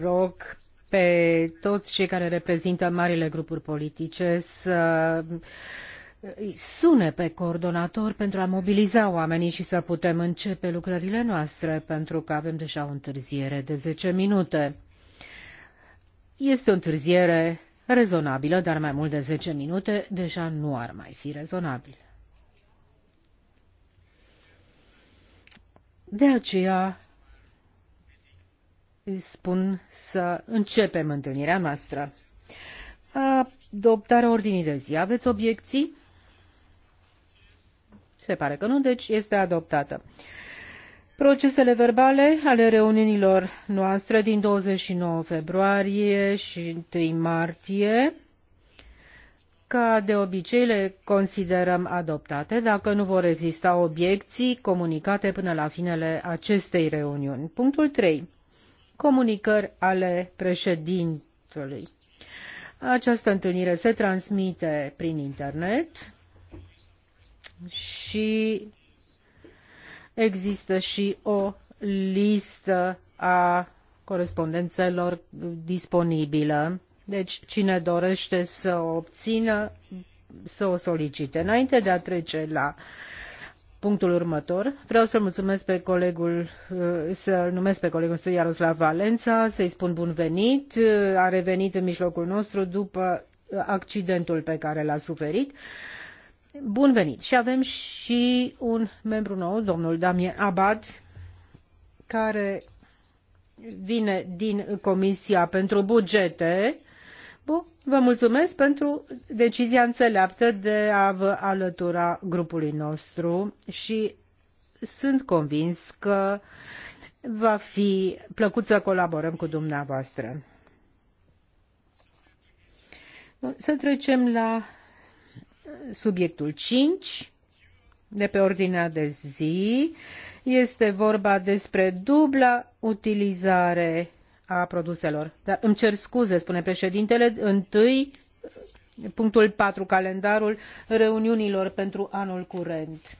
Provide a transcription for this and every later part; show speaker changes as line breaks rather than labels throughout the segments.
Rog pe toți cei care reprezintă marile grupuri politice să sune pe coordonator pentru a mobiliza oamenii și să putem începe lucrările noastre, pentru că avem deja o întârziere de 10 minute. Este o întârziere rezonabilă, dar mai mult de 10 minute deja nu ar mai fi rezonabil. De aceea îi spun să începem întâlnirea noastră. Adoptarea ordinii de zi. Aveți obiecții? Se pare că nu, deci este adoptată. Procesele verbale ale reuniunilor noastre din 29 februarie și 1 martie ca de obicei le considerăm adoptate dacă nu vor exista obiecții comunicate până la finele acestei reuniuni. Punctul 3. Comunicări ale președintelui. Această întâlnire se transmite prin internet și există și o listă a corespondențelor disponibilă deci, cine dorește să o obțină, să o solicite. Înainte de a trece la punctul următor, vreau să mulțumesc pe colegul, uh, să numesc pe colegul său Iaroslav Valența, să-i spun bun venit. Uh, a revenit în mijlocul nostru după uh, accidentul pe care l-a suferit. Bun venit! Și avem și un membru nou, domnul Damien Abad, care vine din Comisia pentru Bugete Bun, vă mulțumesc pentru decizia înțeleaptă de a vă alătura grupului nostru și sunt convins că va fi plăcut să colaborăm cu dumneavoastră. Să trecem la subiectul 5 de pe ordinea de zi. Este vorba despre dubla utilizare a produselor. Dar îmi cer scuze, spune președintele, întâi punctul 4, calendarul reuniunilor pentru anul curent.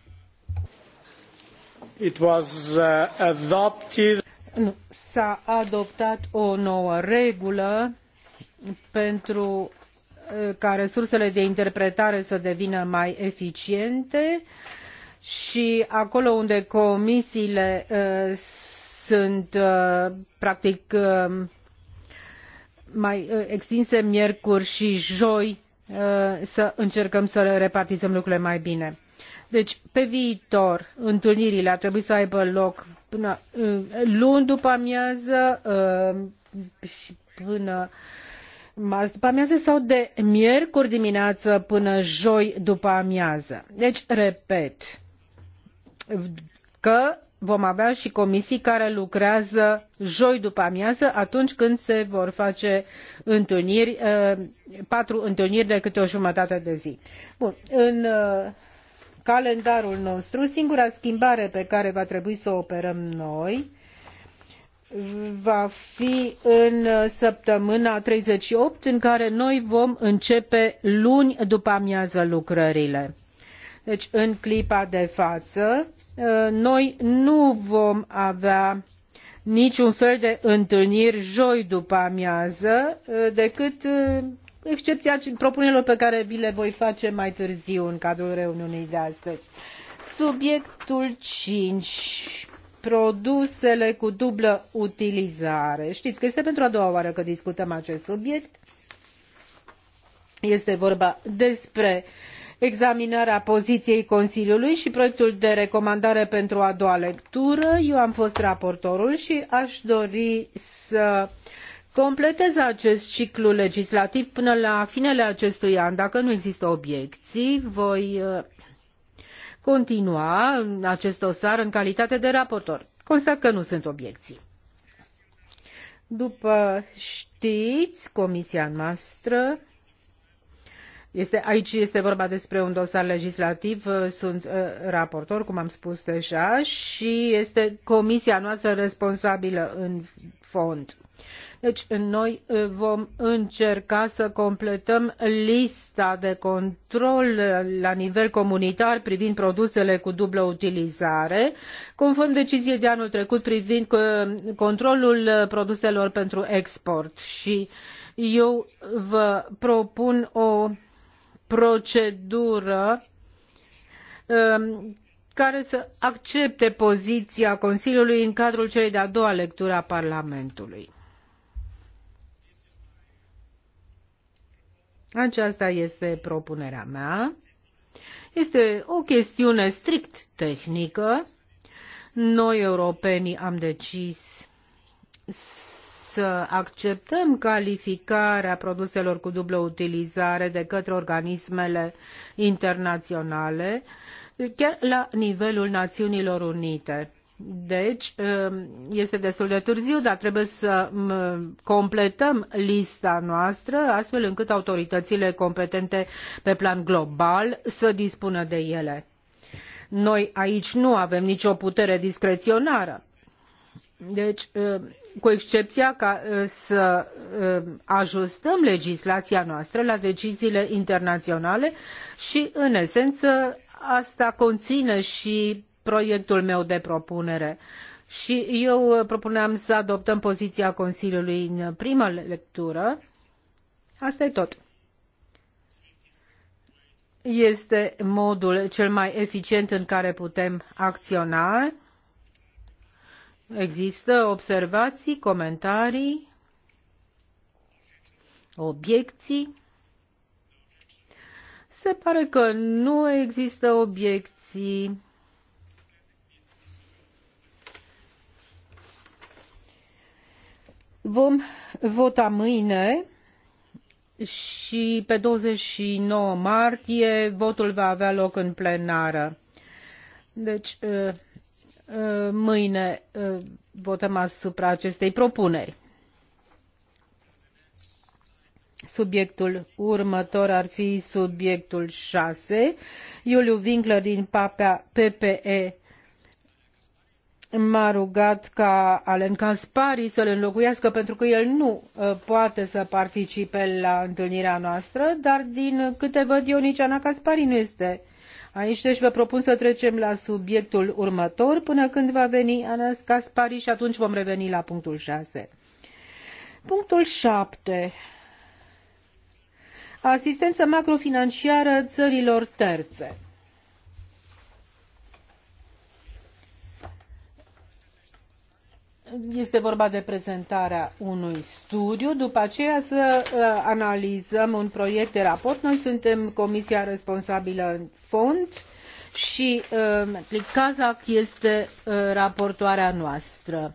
It was uh, adopted. S-a adoptat o nouă regulă pentru uh, ca resursele de interpretare să devină mai eficiente și acolo unde comisiile uh, sunt uh, practic uh, mai uh, extinse miercuri și joi să încercăm să repartizăm lucrurile mai bine. Deci, pe viitor, întâlnirile ar trebui să aibă loc până luni după amiază și până marți după amiază sau de miercuri dimineață până joi după amiază. Deci, repet, că vom avea și comisii care lucrează joi după amiază atunci când se vor face întâlniri, uh, patru întâlniri de câte o jumătate de zi. Bun, în uh, calendarul nostru, singura schimbare pe care va trebui să o operăm noi va fi în uh, săptămâna 38, în care noi vom începe luni după amiază lucrările deci, în clipa de față, uh, noi nu vom avea niciun fel de întâlniri joi după amiază, uh, decât uh, excepția propunerilor pe care vi le voi face mai târziu în cadrul reuniunii de astăzi. Subiectul 5 produsele cu dublă utilizare. Știți că este pentru a doua oară că discutăm acest subiect. Este vorba despre uh, examinarea poziției Consiliului și proiectul de recomandare pentru a doua lectură. Eu am fost raportorul și aș dori să completez acest ciclu legislativ până la finele acestui an. Dacă nu există obiecii voi uh, continua în acest dosar în calitate de raportor. Constat că nu sunt obiecii. După știți, comisia noastră aici este vorba despre un dosar legislativ, uh, sunt uh, raportor, cum am spus deja, și este comisia noastră responsabilă în fond. Deci noi uh, vom încerca să completăm lista de control la nivel comunitar privind produsele cu dublă utilizare, conform deciziei de anul trecut privind controlul produselor pentru export. Și eu vă propun o procedură um, care să accepte poziția Consiliului în cadrul celei de-a doua lecturi a Parlamentului. Aceasta este propunerea mea. Este o chestiune strict tehnică. Noi, europenii, am decis să acceptăm calificarea produselor cu dublă utilizare de către organismele internaționale, chiar la nivelul Națiunilor Unite. Deci, um, este destul de târziu, dar trebuie să um, completăm lista noastră astfel încât autoritățile competente pe plan global să dispună de ele. Noi aici nu avem nicio putere discreționară deci, ă, cu excepția ca ă, să ă, ajustăm legislația noastră la deciziile internaționale și, în esență, asta conține și proiectul meu de propunere. Și eu propuneam să adoptăm poziția Consiliului în prima lectură. Asta e tot. Este modul cel mai eficient în care putem acționa Există observații, comentarii, obiecții? Se pare că nu există obiecții. Vom vota mâine și pe 29 martie votul va avea loc în plenară. Deci, uh, Uh, mâine uh, votăm asupra acestei propuneri. Subiectul următor ar fi subiectul 6. Iuliu Winkler din Papea PPE m-a rugat ca Alen Caspari să-l înlocuiască pentru că el nu uh, poate să participe la întâlnirea noastră, dar din câte văd eu nici Ana Caspari nu este Aici deci vă propun să trecem la subiectul următor până când va veni Anas Caspari și atunci vom reveni la punctul 6. Punctul 7. Asistență macrofinanciară țărilor terțe. este vorba de prezentarea unui studiu, după aceea să uh, analizăm un proiect de raport. Noi suntem comisia responsabilă în fond și uh, Kazak este uh, raportoarea noastră.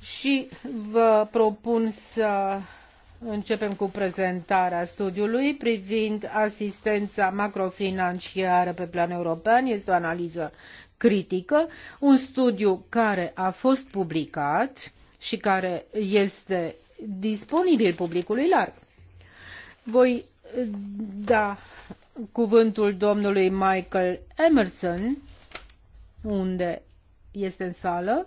Și vă propun să începem cu prezentarea studiului privind asistența macrofinanciară pe plan european. Este o analiză critică, un studiu care a fost publicat și care este disponibil publicului larg. Voi da cuvântul domnului Michael Emerson, unde este în sală.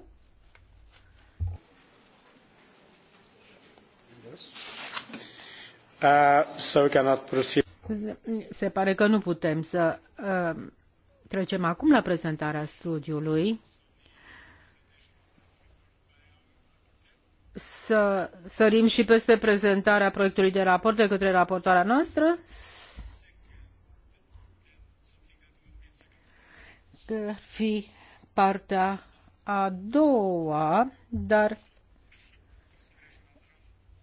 Uh, so
Se pare că nu putem să uh, Trecem acum la prezentarea studiului. Să sărim și peste prezentarea proiectului de raport de către raportoarea noastră. Că ar fi partea a doua, dar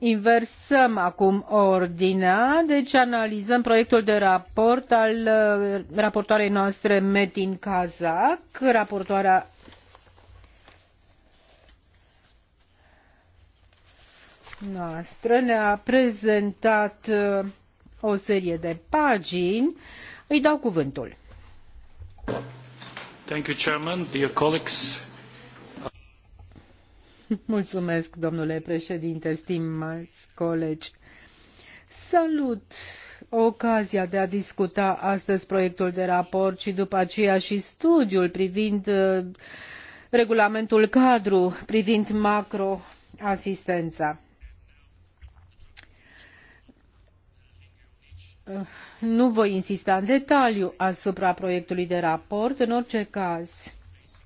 inversăm acum ordinea, deci analizăm proiectul de raport al uh, raportoarei noastre Metin Kazak, raportoarea noastră ne-a prezentat uh, o serie de pagini. Îi dau cuvântul.
Thank you, Chairman, dear colleagues.
Mulțumesc, domnule președinte, Salut ocazia de a discuta astăzi proiectul de raport și după aceea și studiul privind uh, regulamentul cadru privind macroasistența. Uh, nu voi insista în detaliu asupra proiectului de raport, în orice caz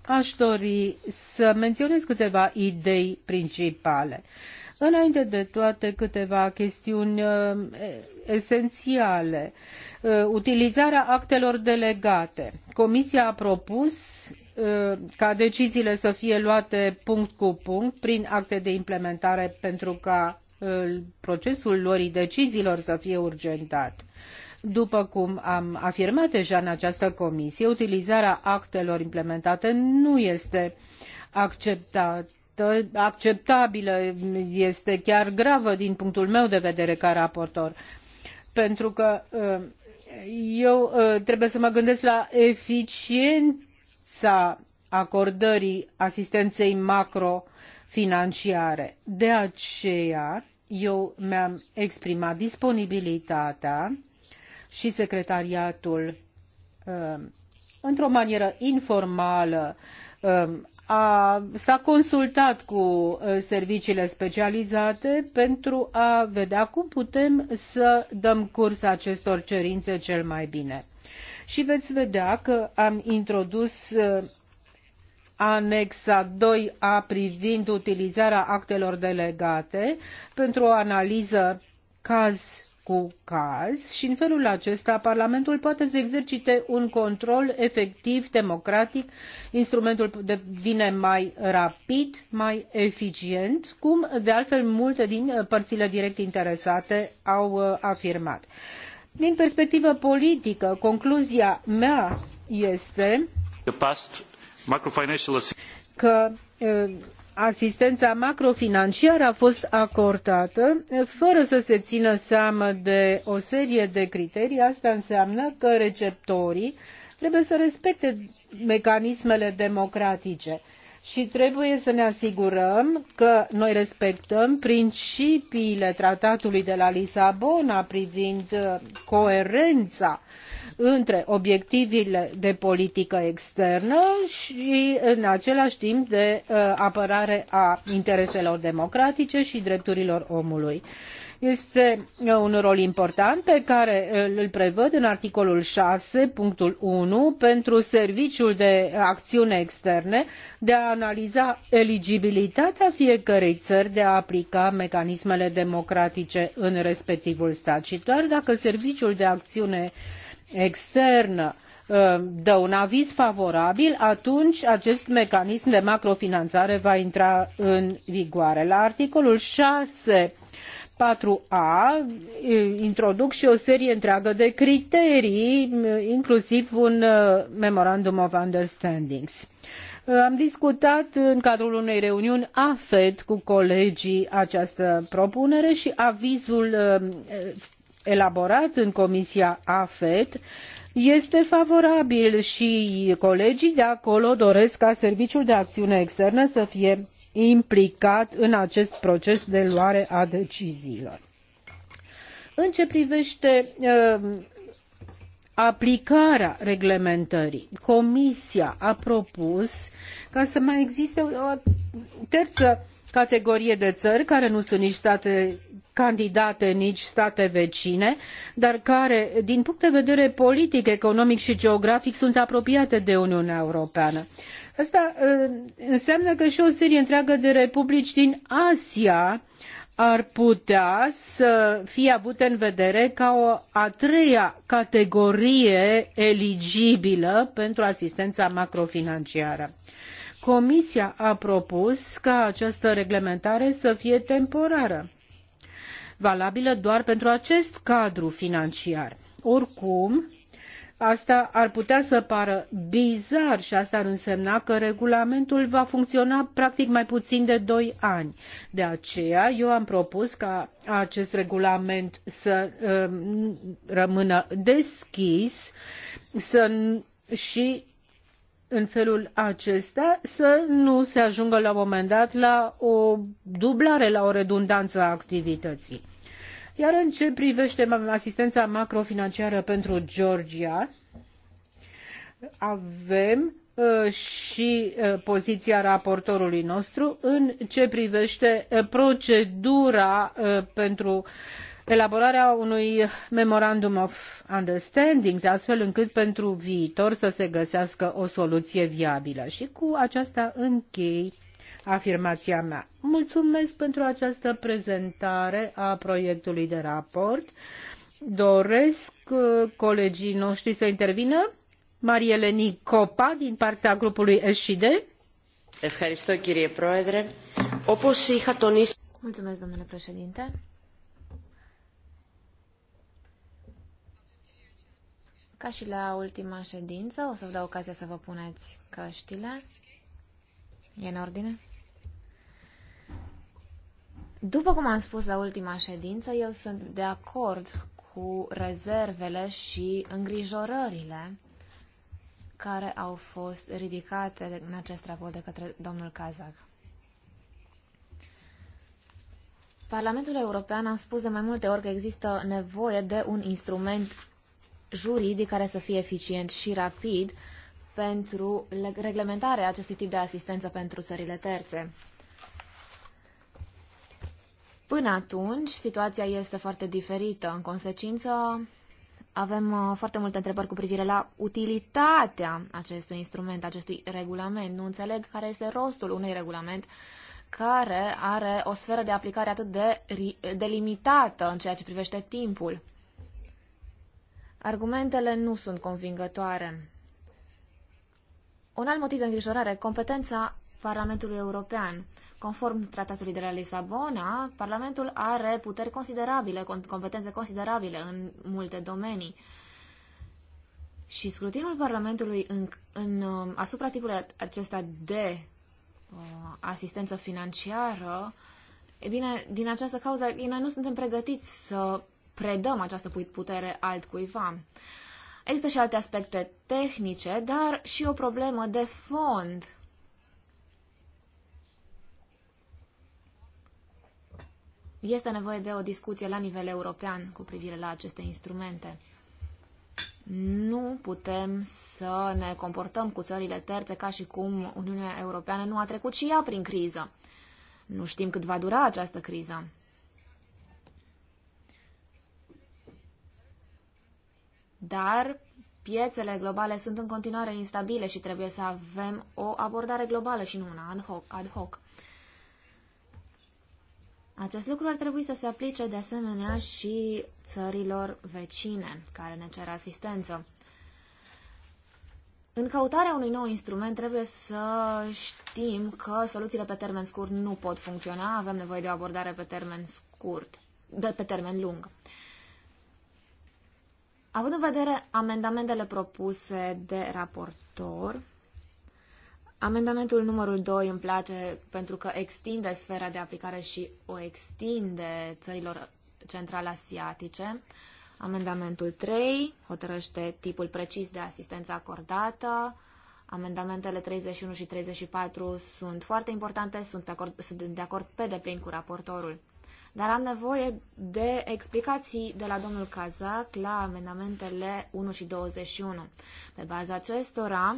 aș dori să menționez câteva idei principale. Înainte de toate, câteva chestiuni uh, esențiale. Uh, utilizarea actelor delegate. Comisia a propus uh, ca deciziile să fie luate punct cu punct prin acte de implementare pentru ca procesul luării deciziilor să fie urgentat. După cum am afirmat deja în această comisie, utilizarea actelor implementate nu este acceptată acceptabilă este chiar gravă din punctul meu de vedere ca raportor pentru că uh, eu uh, trebuie să mă gândesc la eficiența acordării asistenței macrofinanciare. De aceea eu mi-am exprimat disponibilitatea și secretariatul um, într-o manieră informală um, a, s-a consultat cu uh, serviciile specializate pentru a vedea cum putem să dăm curs acestor cerințe cel mai bine. Și veți vedea că am introdus uh, anexa 2A privind utilizarea actelor delegate pentru o analiză caz cu caz și în felul acesta Parlamentul poate să exercite un control efectiv, democratic, instrumentul devine mai rapid, mai eficient, cum de altfel multe din uh, părțile direct interesate au uh, afirmat. Din perspectivă politică, concluzia mea este că uh, asistența macrofinanciară a fost acordată fără să se țină seama de o serie de criterii. Asta înseamnă că receptorii trebuie să respecte mecanismele democratice și trebuie să ne asigurăm că noi respectăm principiile tratatului de la Lisabona privind uh, coerența uh, între obiectivele de politică externă și în același timp de uh, apărare a intereselor democratice și drepturilor omului. Este uh, un rol important pe care uh, îl prevăd în articolul 6, punctul 1, pentru Serviciul de Acțiune Externe de a analiza eligibilitatea fiecărei țări de a aplica mecanismele democratice în respectivul stat. Și doar dacă Serviciul de Acțiune externă uh, dă un aviz favorabil, atunci acest mecanism de macrofinanțare va intra în vigoare. La articolul 6 4A uh, introduc și o serie întreagă de criterii, uh, inclusiv un memorandum of understandings. Am discutat în cadrul unei reuniuni AFED cu colegii această propunere și avizul elaborat în Comisia AFET este favorabil și colegii de acolo doresc ca Serviciul de Acțiune Externă să fie implicat în acest proces de luare a deciziilor. În ce privește uh, aplicarea reglementării, Comisia a propus ca să mai existe o terță categorie de țări care nu sunt nici state candidate, nici state vecine, dar care, din punct de vedere politic, economic și geografic, sunt apropiate de Uniunea Europeană. Asta ă, înseamnă că și o serie întreagă de republici din Asia ar putea să fie avute în vedere ca o a treia categorie eligibilă pentru asistența macrofinanciară. Comisia a propus ca această reglementare să fie temporară valabilă doar pentru acest cadru financiar. Oricum, asta ar putea să pară bizar și asta ar însemna că regulamentul va funcționa practic mai puțin de doi ani. De aceea, eu am propus ca acest regulament să uh, rămână deschis, să și în felul acesta să nu se ajungă la un moment dat la o dublare, la o redundanță a activității. Iar în ce privește asistența macrofinanciară pentru Georgia, avem uh, și uh, poziția raportorului nostru în ce privește uh, procedura pentru elaborarea unui memorandum of understanding, astfel încât pentru viitor să se găsească o soluție viabilă. Și cu aceasta închei afirmația mea. Mulțumesc pentru această prezentare a proiectului de raport. Doresc uh, colegii noștri să intervină. Marieleni Copa din partea grupului SCD.
Mulțumesc, domnule președinte. Ca și la ultima ședință, o să vă dau ocazia să vă puneți căștile. E în ordine? După cum am spus la ultima ședință, eu sunt de acord cu rezervele și îngrijorările care au fost ridicate în acest raport de către domnul Kazak. Parlamentul European a spus de mai multe ori că există nevoie de un instrument juridic care să fie eficient și rapid pentru reglementarea acestui tip de asistență pentru țările terțe. Până atunci, situația este foarte diferită. În consecință, avem uh, foarte multe întrebări cu privire la utilitatea acestui instrument, acestui regulament. Nu înțeleg care este rostul unui regulament care are o sferă de aplicare atât de delimitată în ceea ce privește timpul. Argumentele nu sunt convingătoare. Un alt motiv de îngrijorare, competența Parlamentului European. Conform Tratatului de la Lisabona, Parlamentul are puteri considerabile, competențe considerabile în multe domenii. Și scrutinul Parlamentului în, în, uh, asupra tipului acesta de uh, asistență financiară, e bine, din această cauză, noi nu suntem pregătiți să predăm această putere altcuiva. Există și alte aspecte tehnice, dar și o problemă de fond. Este nevoie de o discuție la nivel european cu privire la aceste instrumente. Nu putem să ne comportăm cu țările terțe ca și cum Uniunea Europeană nu a trecut și ea prin criză. Nu știm cât va dura această criză. Dar piețele globale sunt în continuare instabile și trebuie să avem o abordare globală și nu una ad hoc. Ad hoc. Acest lucru ar trebui să se aplice de asemenea și țărilor vecine care ne cer asistență. În căutarea unui nou instrument trebuie să știm că soluțiile pe termen scurt nu pot funcționa, avem nevoie de o abordare pe termen scurt, de pe termen lung. Uh, Având în vedere amendamentele propuse de raportor, amendamentul numărul 2 îmi place pentru că extinde sfera de aplicare și o extinde țărilor central-asiatice. Amendamentul 3 hotărăște tipul precis de asistență acordată. Amendamentele 31 și 34 sunt foarte importante, sunt, acord, sunt de acord pe deplin cu raportorul. Dar am nevoie de explicații de la domnul Cazac la amendamentele 1 și 21. Pe baza acestora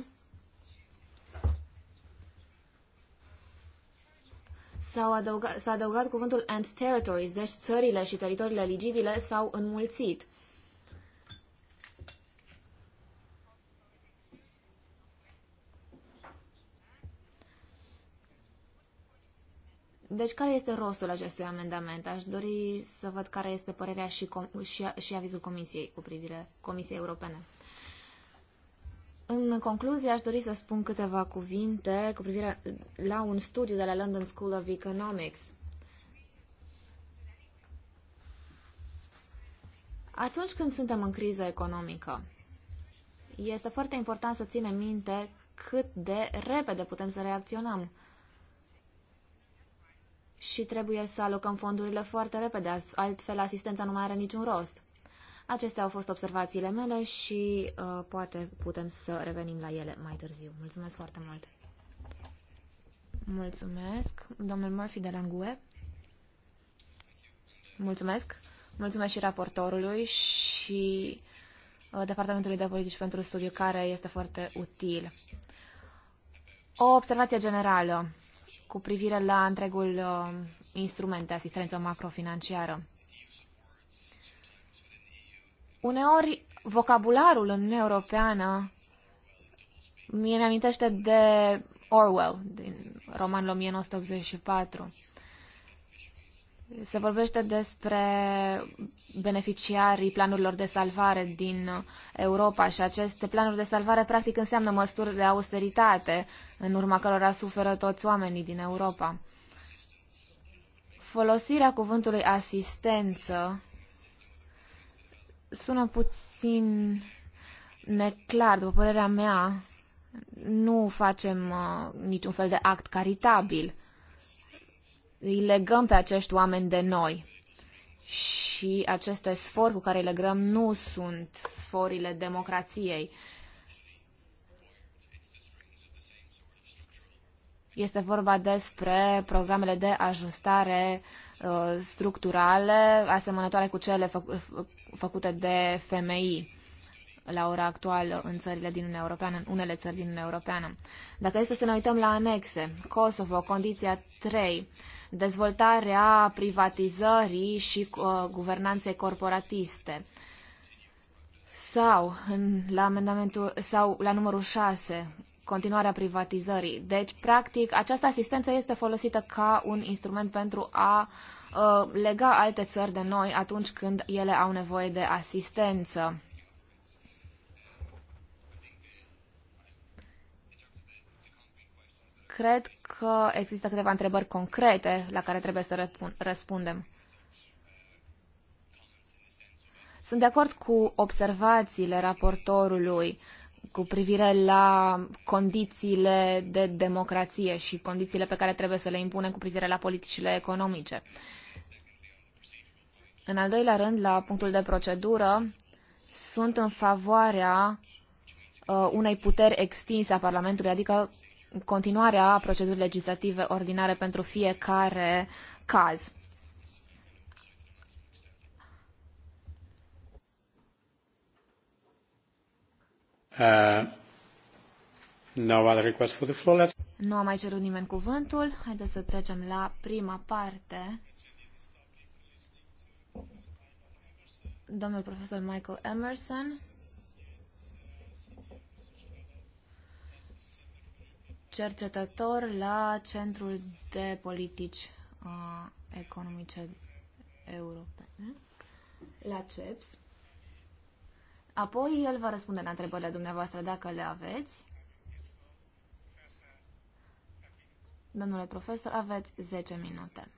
s-a adăugat, adăugat cuvântul and territories, deci țările și teritoriile eligibile s-au înmulțit. Deci, care este rostul acestui amendament? Aș dori să văd care este părerea și, com- și, și avizul Comisiei cu privire Comisiei Europene. În concluzie, aș dori să spun câteva cuvinte cu privire la un studiu de la London School of Economics. Atunci când suntem în criză economică, este foarte important să ținem minte cât de repede putem să reacționăm și trebuie să alocăm fondurile foarte repede, altfel asistența nu mai are niciun rost. Acestea au fost observațiile mele și uh, poate putem să revenim la ele mai târziu. Mulțumesc foarte mult! Mulțumesc, domnul Murphy de la Langue. Mulțumesc! Mulțumesc și raportorului și uh, Departamentului de Politici pentru Studiu, care este foarte util. O observație generală cu privire la întregul uh, instrument de asistență macrofinanciară. Uneori, vocabularul în Uniunea Europeană mie mi-amintește de Orwell, din romanul 1984. Se vorbește despre beneficiarii planurilor de salvare din Europa și aceste planuri de salvare practic înseamnă măsuri de austeritate în urma cărora suferă toți oamenii din Europa. Folosirea cuvântului asistență sună puțin neclar, după părerea mea. Nu facem uh, niciun fel de act caritabil. Uh, îi legăm pe acești oameni de noi. Și aceste sfori cu care îi legăm nu sunt sforile democrației. Este vorba despre programele de ajustare uh, structurale asemănătoare cu cele fă făcute de FMI la ora actuală în țările din Uniunea Europeană, în unele țări din Uniunea Europeană. Dacă este să ne uităm la anexe, Kosovo, condiția 3, dezvoltarea privatizării și uh, guvernanței corporatiste. Sau, în, la amendamentul, sau la numărul 6, continuarea privatizării. Deci, practic, această asistență este folosită ca un instrument pentru a uh, lega alte țări de noi atunci când ele au nevoie de asistență. cred că există câteva întrebări concrete la care trebuie să răspundem. Sunt de acord cu observațiile raportorului cu privire la condițiile de democrație și condițiile pe care trebuie să le impunem cu privire la politicile economice. În al doilea rând, la punctul de procedură, sunt în favoarea uh, unei puteri extinse a Parlamentului, adică continuarea procedurii legislative ordinare pentru fiecare caz.
Uh, no other request for the floor.
Nu a mai cerut nimeni cuvântul. Haideți să trecem la prima parte. Domnul profesor Michael Emerson cercetător la Centrul de Politici uh, Economice Europene, la CEPS. Apoi el va răspunde la întrebările dumneavoastră dacă le aveți. Domnule profesor, aveți 10 minute.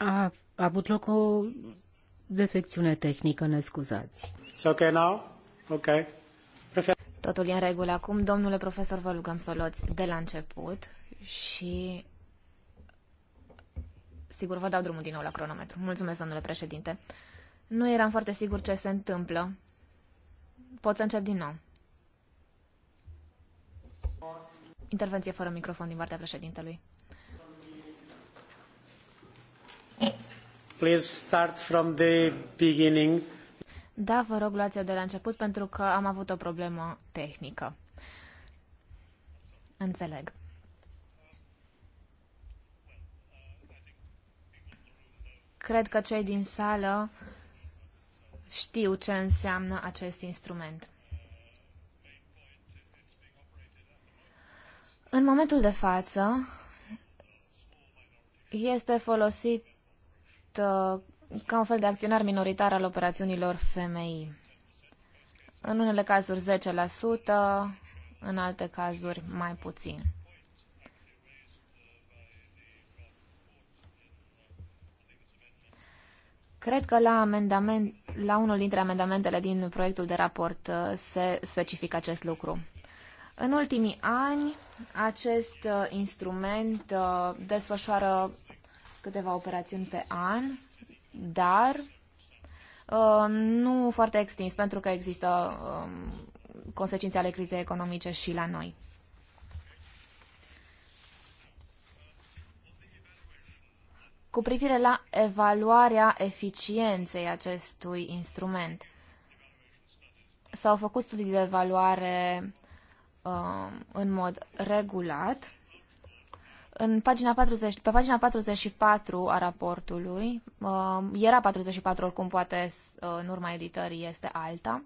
A avut loc o defecțiune tehnică, ne scuzați. It's okay now? Okay. Prefer-
Totul e în regulă. Acum, domnule profesor, vă rugăm să o luați de la început și sigur vă dau drumul din nou la cronometru. Mulțumesc, domnule președinte. Nu eram foarte sigur ce se întâmplă. Pot să încep din nou. Intervenție fără microfon din partea președintelui. Da, vă rog, luați-o de la început pentru că am avut o problemă tehnică. Înțeleg. Cred că cei din sală știu ce înseamnă acest instrument. În momentul de față, este folosit Uh, ca un fel de acționar minoritar al operațiunilor FMI. În unele cazuri 10%, în alte cazuri mai puțin. Cred că la, amendament, la unul dintre amendamentele din proiectul de raport uh, se specifică acest lucru. În ultimii ani, acest uh, instrument desfășoară câteva operațiuni pe an, dar um, nu foarte extins, pentru că există um, consecințe ale crizei economice și la noi. Cu privire la evaluarea eficienței acestui instrument, s-au făcut studii de evaluare um, în mod regulat în pagina 40, pe pagina 44 a raportului, uh, era 44 oricum, poate uh, în urma editării este alta,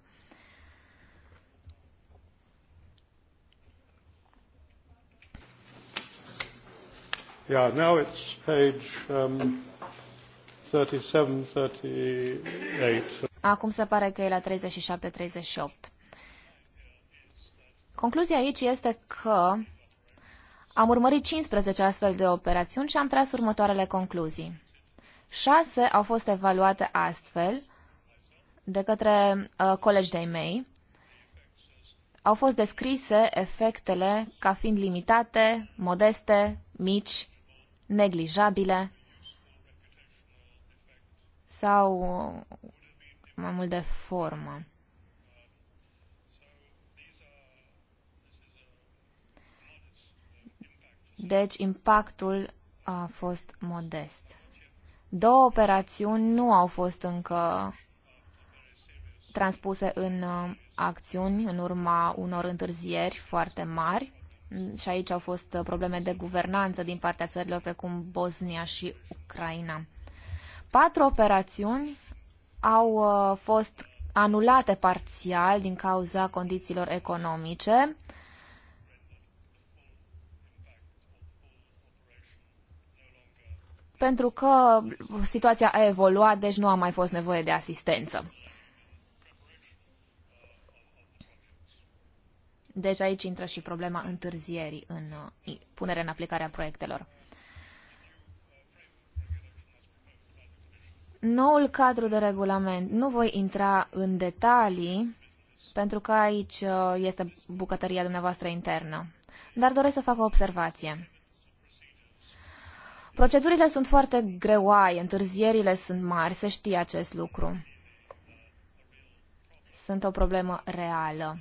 Yeah, now it's page um, 37,
38. Acum se pare că e la 37-38. Concluzia aici este că am urmărit 15 astfel de operațiuni și am tras următoarele concluzii. 6 au fost evaluate astfel de către uh, colegi de-ai mei. Au fost descrise efectele ca fiind limitate, modeste, mici, neglijabile sau uh, mai mult de formă. Deci impactul a fost modest. Două operațiuni nu au fost încă transpuse în uh, acțiuni în urma unor întârzieri foarte mari și aici au fost uh, probleme de guvernanță din partea țărilor precum Bosnia și Ucraina. Patru operațiuni au uh, fost anulate parțial din cauza condițiilor economice, pentru că situația a evoluat, deci nu a mai fost nevoie de asistență. Deci aici intră și problema întârzierii în punerea în aplicare a proiectelor. Noul cadru de regulament. Nu voi intra în detalii, pentru că aici uh, este bucătăria dumneavoastră internă. Dar doresc să fac o observație. Procedurile sunt foarte greoaie, întârzierile sunt mari, să știi acest lucru. Sunt o problemă reală.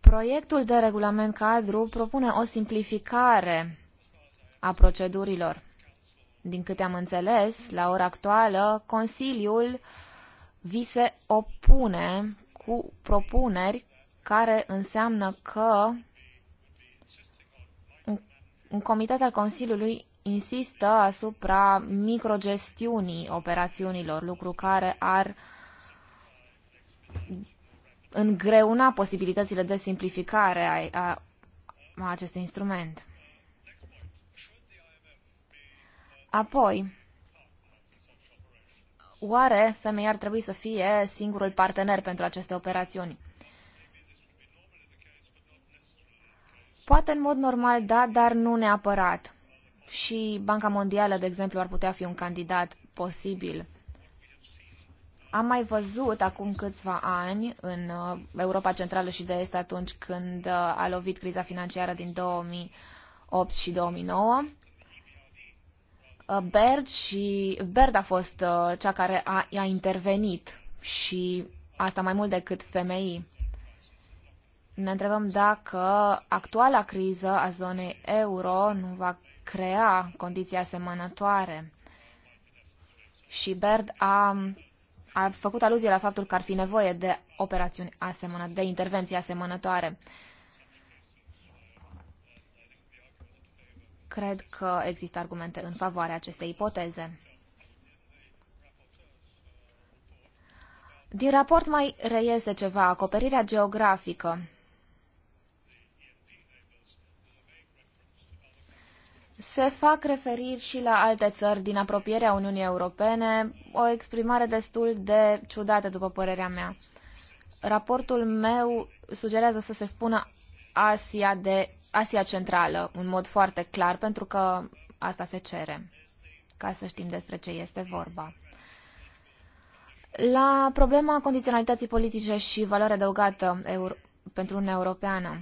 Proiectul de regulament cadru propune o simplificare a procedurilor. Din câte am înțeles, la ora actuală, Consiliul vi se opune cu propuneri care înseamnă că un comitet al Consiliului insistă asupra microgestiunii operațiunilor, lucru care ar îngreuna posibilitățile de simplificare a, a, a acestui instrument. Apoi, oare femeia ar trebui să fie singurul partener pentru aceste operațiuni? Poate în mod normal, da, dar nu neapărat. Și Banca Mondială, de exemplu, ar putea fi un candidat posibil. Am mai văzut acum câțiva ani în uh, Europa Centrală și de Est atunci când uh, a lovit criza financiară din 2008 și 2009. Uh, Berd și Berd a fost cea care a, a intervenit și asta mai mult decât femeii ne întrebăm dacă actuala criză a zonei euro nu va crea condiții asemănătoare. Și Bird a, a făcut aluzie la faptul că ar fi nevoie de operațiuni asemănătoare, de intervenții asemănătoare. Cred că există argumente în favoarea acestei ipoteze. Din raport mai reiese ceva, acoperirea geografică. se fac referiri și la alte țări din apropierea Uniunii Europene, o exprimare destul de ciudată, după părerea mea. Raportul meu sugerează să se spună Asia, de, Asia Centrală, în mod foarte clar, pentru că asta se cere, ca să știm despre ce este vorba. La problema condiționalității politice și valoare adăugată euro- pentru Uniunea Europeană,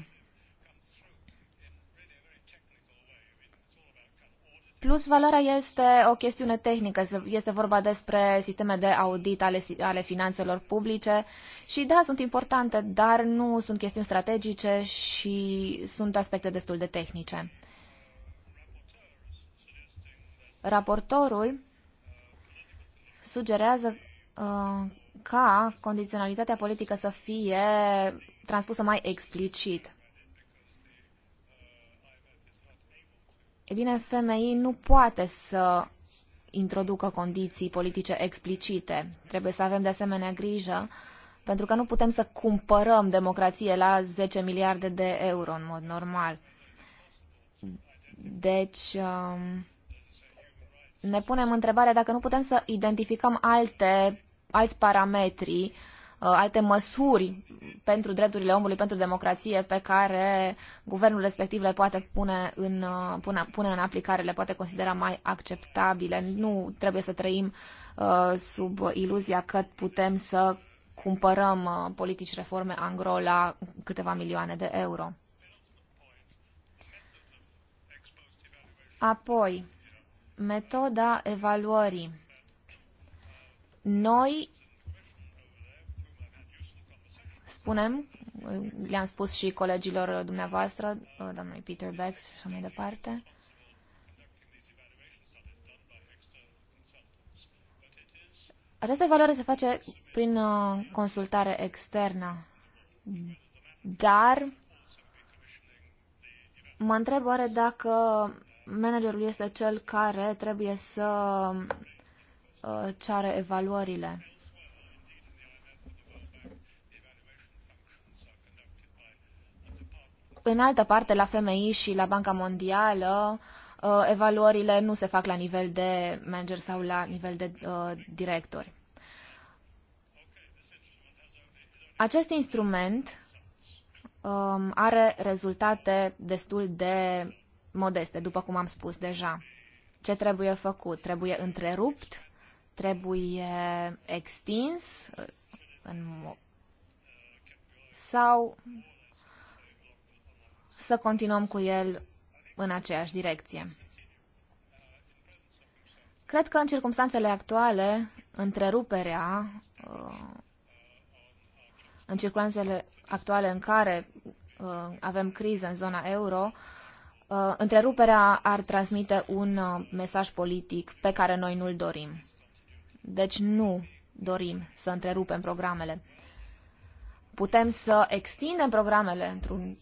Plus, valoarea este o chestiune tehnică, este vorba despre sisteme de audit ale, ale finanțelor publice și da, sunt importante, dar nu sunt chestiuni strategice și sunt aspecte destul de tehnice. Raportorul sugerează uh, ca condiționalitatea politică să fie transpusă mai explicit. E bine, FMI nu poate să introducă condiții politice explicite. Trebuie să avem de asemenea grijă pentru că nu putem să cumpărăm democrație la 10 miliarde de euro în mod normal. Deci, um, ne punem întrebarea dacă nu putem să identificăm alte, alți parametri uh, Uh, alte măsuri pentru drepturile omului, pentru democrație, pe care guvernul respectiv le poate pune în, uh, pune, pune în aplicare, le poate considera mai acceptabile. Nu trebuie să trăim uh, sub iluzia că putem să cumpărăm uh, politici reforme angro la câteva milioane de euro. Apoi, metoda evaluării. Noi spunem, le-am spus și colegilor dumneavoastră, uh, domnului Peter Bex și așa mai departe. Această evaluare se face prin uh, consultare externă, dar mă întreb oare dacă managerul este cel care trebuie să uh, ceară evaluările. În altă parte, la FMI și la Banca Mondială, uh, evaluările nu se fac la nivel de manager sau la nivel de uh, directori. Acest instrument um, are rezultate destul de modeste, după cum am spus deja. Ce trebuie făcut? Trebuie întrerupt, trebuie extins uh, în, sau să continuăm cu el în aceeași direcție. Cred că în circumstanțele actuale, întreruperea uh, în circunstanțele actuale în care uh, avem criză în zona euro, uh, întreruperea ar transmite un mesaj politic pe care noi nu-l dorim. Deci nu dorim să întrerupem programele. Putem să extindem programele într-un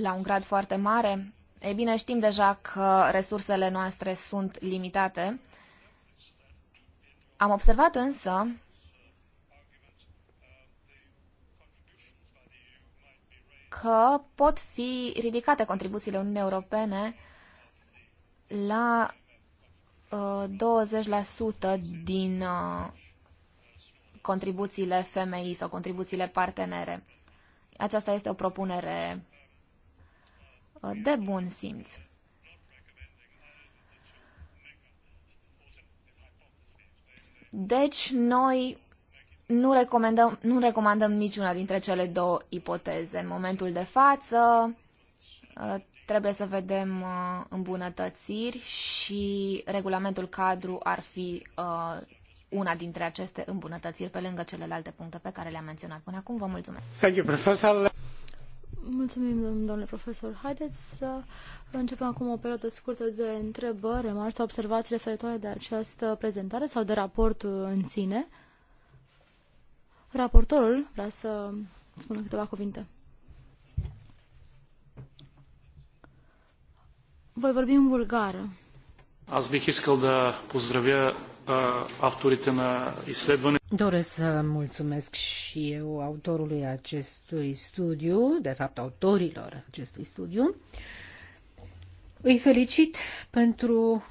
la un grad foarte mare, e bine, știm deja că resursele noastre sunt limitate. Am observat însă că pot fi ridicate contribuțiile Uniunii Europene la 20% uh, din uh, contribuțiile FMI sau contribuțiile partenere. Aceasta este o propunere Uh, de bun simț. Deci, noi nu recomandăm, nu recomandăm niciuna dintre cele două ipoteze. În momentul de față, uh, trebuie să vedem uh, îmbunătățiri și regulamentul cadru ar fi una dintre aceste îmbunătățiri pe lângă celelalte puncte pe care le-am menționat până acum. Vă mulțumesc!
Thank you, professor.
Mulțumim, domnule
profesor. Haideți să începem acum o perioadă scurtă de întrebări, remarci sau observații referitoare de această prezentare sau de raportul în sine. Raportorul vrea să spună câteva cuvinte. Voi vorbi în vulgară.
Аз бих искал да поздравя авторите на изследване.
Doresc să mulțumesc și eu autorului acestui studiu, de fapt autorilor acestui studiu. Îi felicit pentru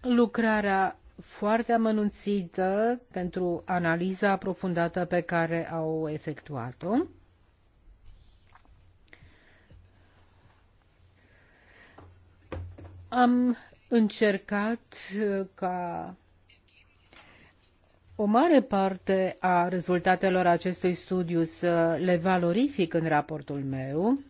lucrarea foarte amănunțită, pentru analiza aprofundată pe care au efectuat-o. Am încercat uh, ca o mare parte a rezultatelor acestui studiu să le valorific în raportul meu.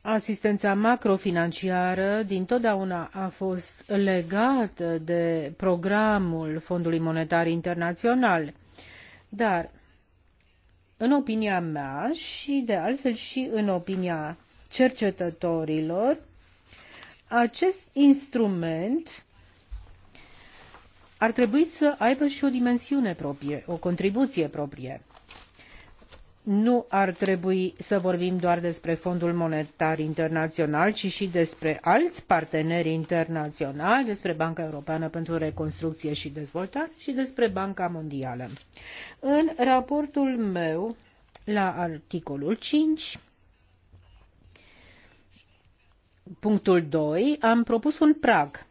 Asistența macrofinanciară dintotdeauna a fost legată de programul Fondului Monetar Internațional, dar în opinia mea și de altfel și în opinia cercetătorilor, acest instrument ar trebui să aibă și o dimensiune proprie, o contribuție proprie. Nu ar trebui să vorbim doar despre Fondul Monetar Internațional, ci și despre alți parteneri internaționali, despre Banca Europeană pentru Reconstrucție și Dezvoltare și despre Banca Mondială. În raportul meu, la articolul 5, punctul 2 am propus un prag.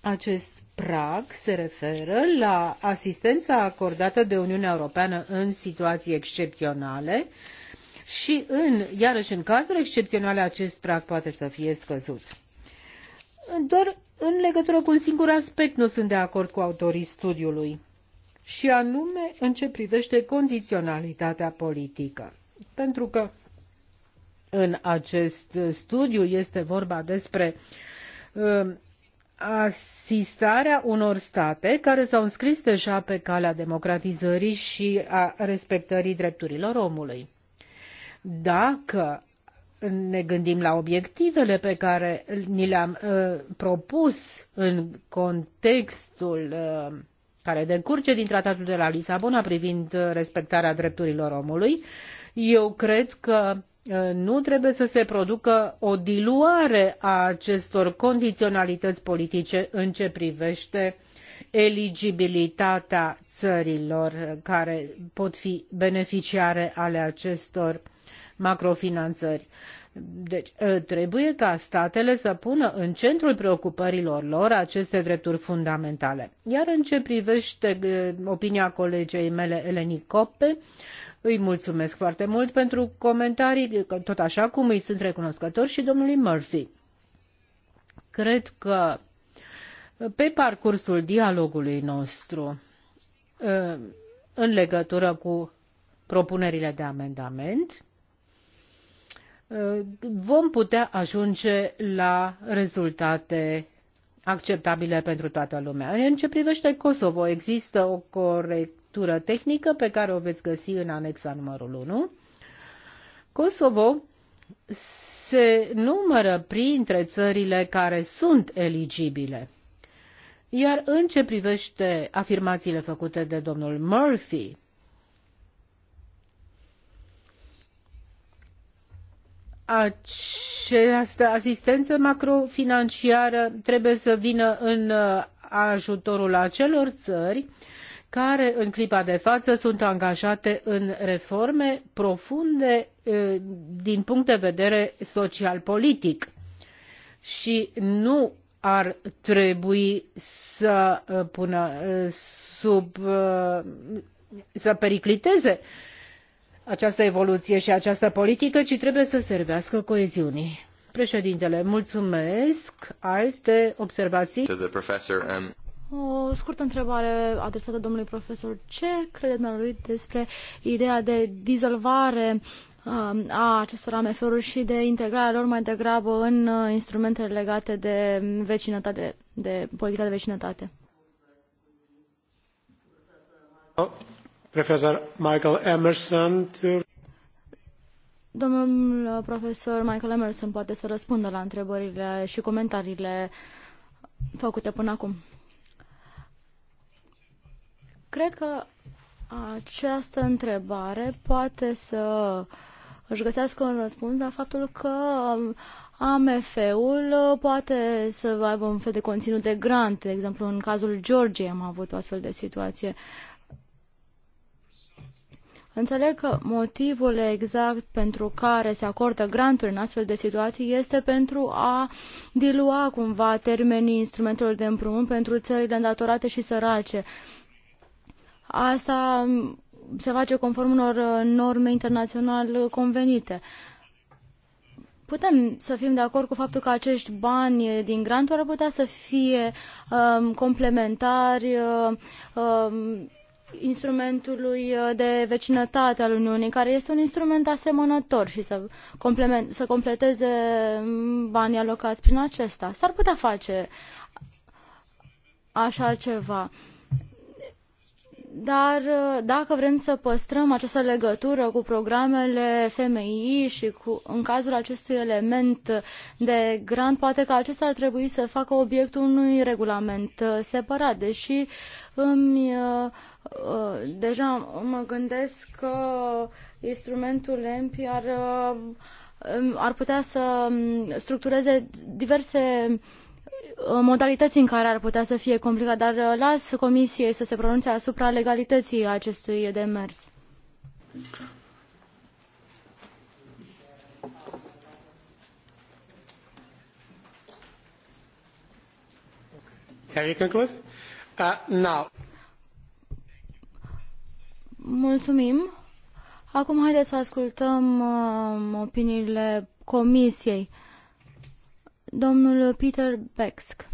Acest prag se referă la asistența acordată de Uniunea Europeană în situații excepționale și în, iarăși în cazuri excepționale acest prag poate să fie scăzut. Doar în legătură cu un singur aspect nu sunt de acord cu autorii studiului și anume în ce privește condiționalitatea politică. Pentru că în acest studiu. Este vorba despre um, asistarea unor state care s-au înscris deja pe calea democratizării și a respectării drepturilor omului. Dacă ne gândim la obiectivele pe care ni le-am uh, propus în contextul uh, care decurge din tratatul de la Lisabona privind uh, respectarea drepturilor omului, uh, eu cred că uh, nu trebuie să se producă o diluare a acestor condiționalități politice în ceea ce privește eligibilitatea țărilor care pot fi beneficiare ale acestor macrofinanări. Deci uh, trebuie ca statele să pună în centrul preocupărilor lor aceste drepturi fundamentale. Iar în ce privește uh, opinia colegei mele Eleni Coppe, îi mulțumesc foarte mult pentru comentarii, tot așa cum îi sunt recunoscători și domnului Murphy. Cred că pe parcursul dialogului nostru, ă, în legătură cu propunerile de amendament, ă, vom putea ajunge la rezultate acceptabile pentru toată lumea. În ce privește Kosovo, există o corect lectură tehnică pe care o veți găsi în anexa numărul 1. Kosovo se numără printre țările care sunt eligibile. Iar în ce privește afirmațiile făcute de domnul Murphy, această asistență macrofinanciară trebuie să vină în uh, ajutorul acelor țări care în clipa de față sunt angajate în reforme profunde din punct de vedere social politic și nu ar trebui să pună sub să pericliteze această evoluție și această politică, ci trebuie să servească coeziunii. Președintele, mulțumesc. Alte observații?
O scurtă întrebare adresată domnului profesor. Ce credeți lui despre ideea de dizolvare um, a acestor AMF-uri și de integrarea lor mai degrabă în uh, instrumentele legate de vecinătate, de politica de vecinătate? Profesor Michael Emerson. Domnul uh, profesor Michael Emerson poate să răspundă la întrebările și comentariile făcute până acum. Cred că această întrebare poate să își găsească un răspuns la faptul că AMF-ul poate să aibă un fel de conținut de grant. De exemplu, în cazul Georgiei am avut o astfel de situație. Înțeleg că motivul exact pentru care se acordă granturi în astfel de situații este pentru a dilua cumva termenii instrumentelor de împrumut pentru țările îndatorate și sărace. Asta mm, se face conform unor uh, norme internațional uh, convenite. Putem să fim de acord cu faptul că acești bani eh, din granturi ar putea să fie um, complementari uh, um, instrumentului de vecinătate al Uniunii, care este un instrument asemănător și să, complement, să completeze mm, banii alocați prin acesta. S-ar putea face așa ceva. Uh, dar uh, dacă vrem să păstrăm această legătură cu programele FMI și cu, în cazul acestui element de grant, poate că acesta ar trebui să facă obiectul unui regulament uh, separat, deși îmi, uh, deja mă gândesc că instrumentul EMPI ar, ar putea să um, structureze diverse uh, Uh, modalității în care ar putea să fie complicat, dar uh, las Comisiei să se pronunțe asupra legalității acestui demers.
Have you Uh, now.
Mulțumim. Acum haideți să ascultăm uh, opiniile Comisiei. Domnul Peter Bexk.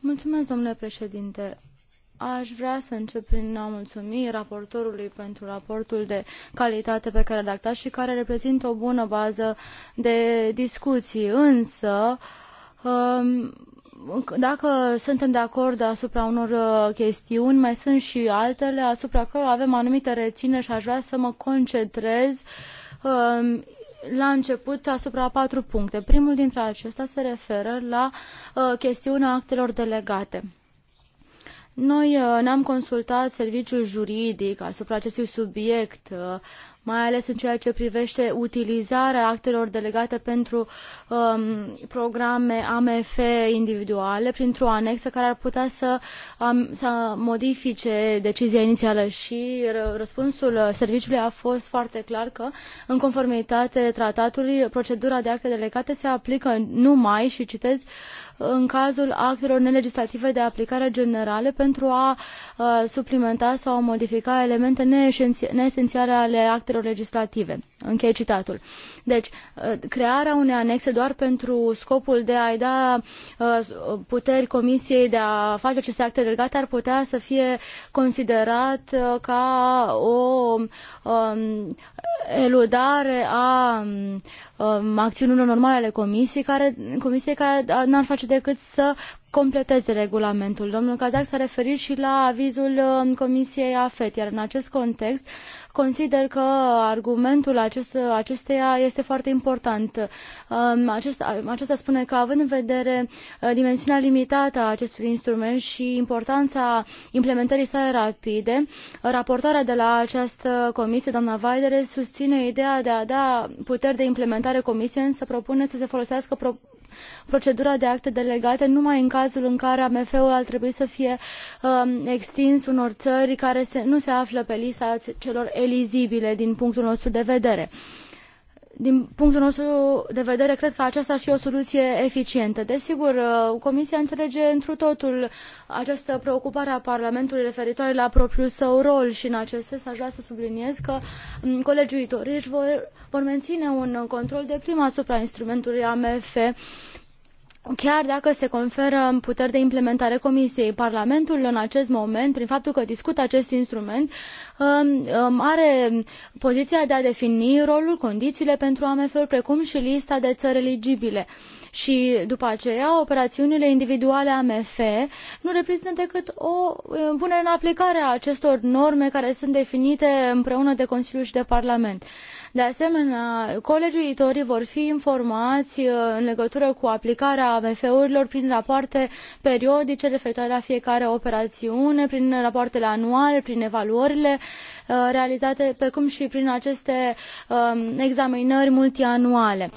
Mulțumesc, domnule președinte. Aș vrea să încep prin a mulțumi raportorului pentru raportul de calitate pe care l-a redactat și care reprezintă o bună bază de discuții. Însă, um, dacă suntem de acord asupra unor uh, chestiuni, mai sunt și altele asupra cărora avem anumite rețineri și aș vrea să mă concentrez um, la început asupra patru puncte. Primul dintre acestea se referă la uh, chestiunea actelor delegate. Noi uh, ne-am consultat serviciul juridic asupra acestui subiect, uh, mai ales în ceea ce privește utilizarea actelor delegate pentru um, programe AMF individuale printr-o anexă care ar putea să, um, să modifice decizia inițială și răspunsul serviciului a fost foarte clar că în conformitate tratatului procedura de acte delegate se aplică numai și citez uh, în cazul actelor nelegislative de aplicare generală pentru a uh, suplimenta sau a modifica elemente neesențiale ale actelor legislative. Închei citatul. Deci, uh, crearea unei anexe doar pentru scopul de a-i da uh, puteri Comisiei de a face aceste acte delegate ar putea să fie considerat ca o um, eludare a um, acțiunilor normale ale Comisiei, care, Comisiei care n-ar face decât să completeze regulamentul. Domnul Kazak s-a referit și la avizul um, Comisiei AFET, iar în acest context Consider că argumentul acest, acesteia este foarte important. Um, acesta, aceasta spune că, având în vedere uh, dimensiunea limitată a acestui instrument și importanța implementării sale rapide, raportoarea de la această comisie, doamna Vaidere, susține ideea de a da puteri de implementare comisiei, însă propune să se folosească pro procedura de acte delegate numai în cazul în care AMF-ul ar trebui să fie um, extins unor țări care se, nu se află pe lista celor elizibile din punctul nostru de vedere. Din punctul nostru de vedere, cred că aceasta ar fi o soluție eficientă. Desigur, uh, Comisia înțelege întru totul această preocupare a Parlamentului referitoare la propriul său rol și în acest sens aș vrea să subliniez că um, colegiuitorii își vor, vor menține un control de prim asupra instrumentului AMF Chiar dacă se conferă puteri de implementare Comisiei, Parlamentul în acest moment, prin faptul că discută acest instrument, um, um, are poziția de a defini rolul, condițiile pentru AMF-uri, precum și lista de țări eligibile. Și după aceea, operațiunile individuale AMF nu reprezintă decât o um, punere în aplicare a acestor norme care sunt definite împreună de Consiliu și de Parlament. De asemenea, colegiuitorii vor fi informați uh, în legătură cu aplicarea AMF-urilor prin rapoarte periodice referitoare la fiecare operațiune, prin rapoartele anuale, prin evaluările uh, realizate, precum și prin aceste um, examinări multianuale.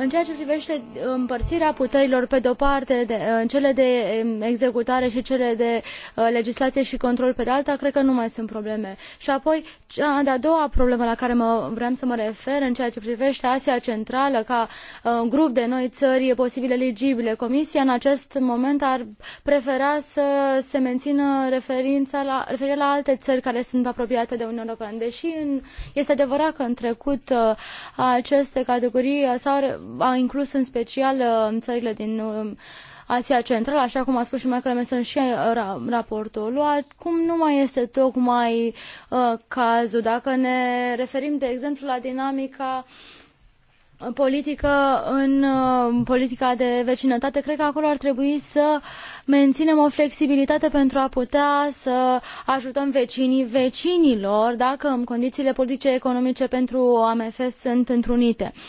În ceea ce privește împărțirea puterilor, pe de-o parte, de, în cele de executare și cele de uh, legislație și control pe de alta, cred că nu mai sunt probleme. Și apoi, cea de-a doua problemă la care mă, vreau să mă refer, în ceea ce privește Asia Centrală, ca uh, grup de noi țări posibil eligibile, Comisia în acest moment ar prefera să se mențină referința la, referire la alte țări care sunt apropiate de Uniunea Europeană. Deși în, este adevărat că în trecut uh, aceste categorii s-au a inclus în special uh, țările din uh, Asia Centrală, așa cum a spus și Michael Mason și uh, raportul raportul. Acum nu mai este tocmai uh, cazul. Dacă ne referim, de exemplu, la dinamica politică în uh, politica de vecinătate, cred că acolo ar trebui să menținem o flexibilitate pentru a putea să ajutăm vecinii vecinilor dacă în condițiile politice economice pentru AMF sunt întrunite. Uh,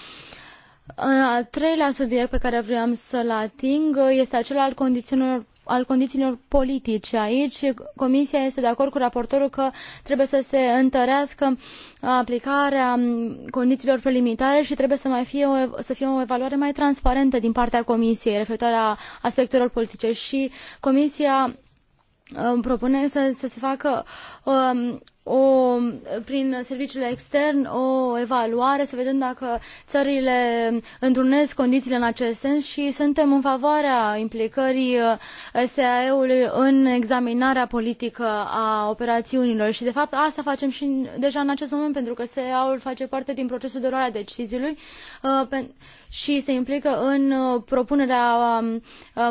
al treilea subiect pe care vreau să-l ating este acela al condițiunilor al condițiilor politice. Aici Comisia este de acord cu raportorul că trebuie să se întărească aplicarea condițiilor preliminare și trebuie să mai fie o, să fie o evaluare mai transparentă din partea Comisiei referitoare la aspectelor politice și Comisia uh, propune să, să se facă um, o, prin serviciul extern o evaluare, să vedem dacă țările întrunesc condițiile în acest sens și suntem în favoarea implicării uh, SAE-ului în examinarea politică a operațiunilor. Și, de fapt, asta facem și deja în acest moment, pentru că SAE-ul face parte din procesul de luare a deciziului uh, și se implică în uh, propunerea um,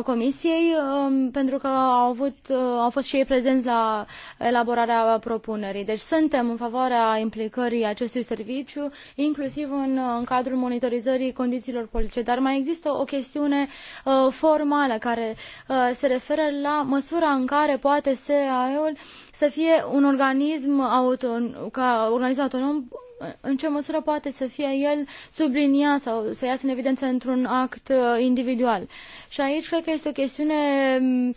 comisiei, um, pentru că au, avut, au fost și ei prezenți la elaborarea propunerii. Deci suntem în favoarea implicării acestui serviciu, inclusiv în, în cadrul monitorizării condițiilor politice. Dar mai există o chestiune uh, formală care uh, se referă la măsura în care poate seae ul să fie un organism, auton- ca organism autonom în ce măsură poate să fie el subliniat sau să iasă în evidență într-un act uh, individual. Și aici cred că este o chestiune mm,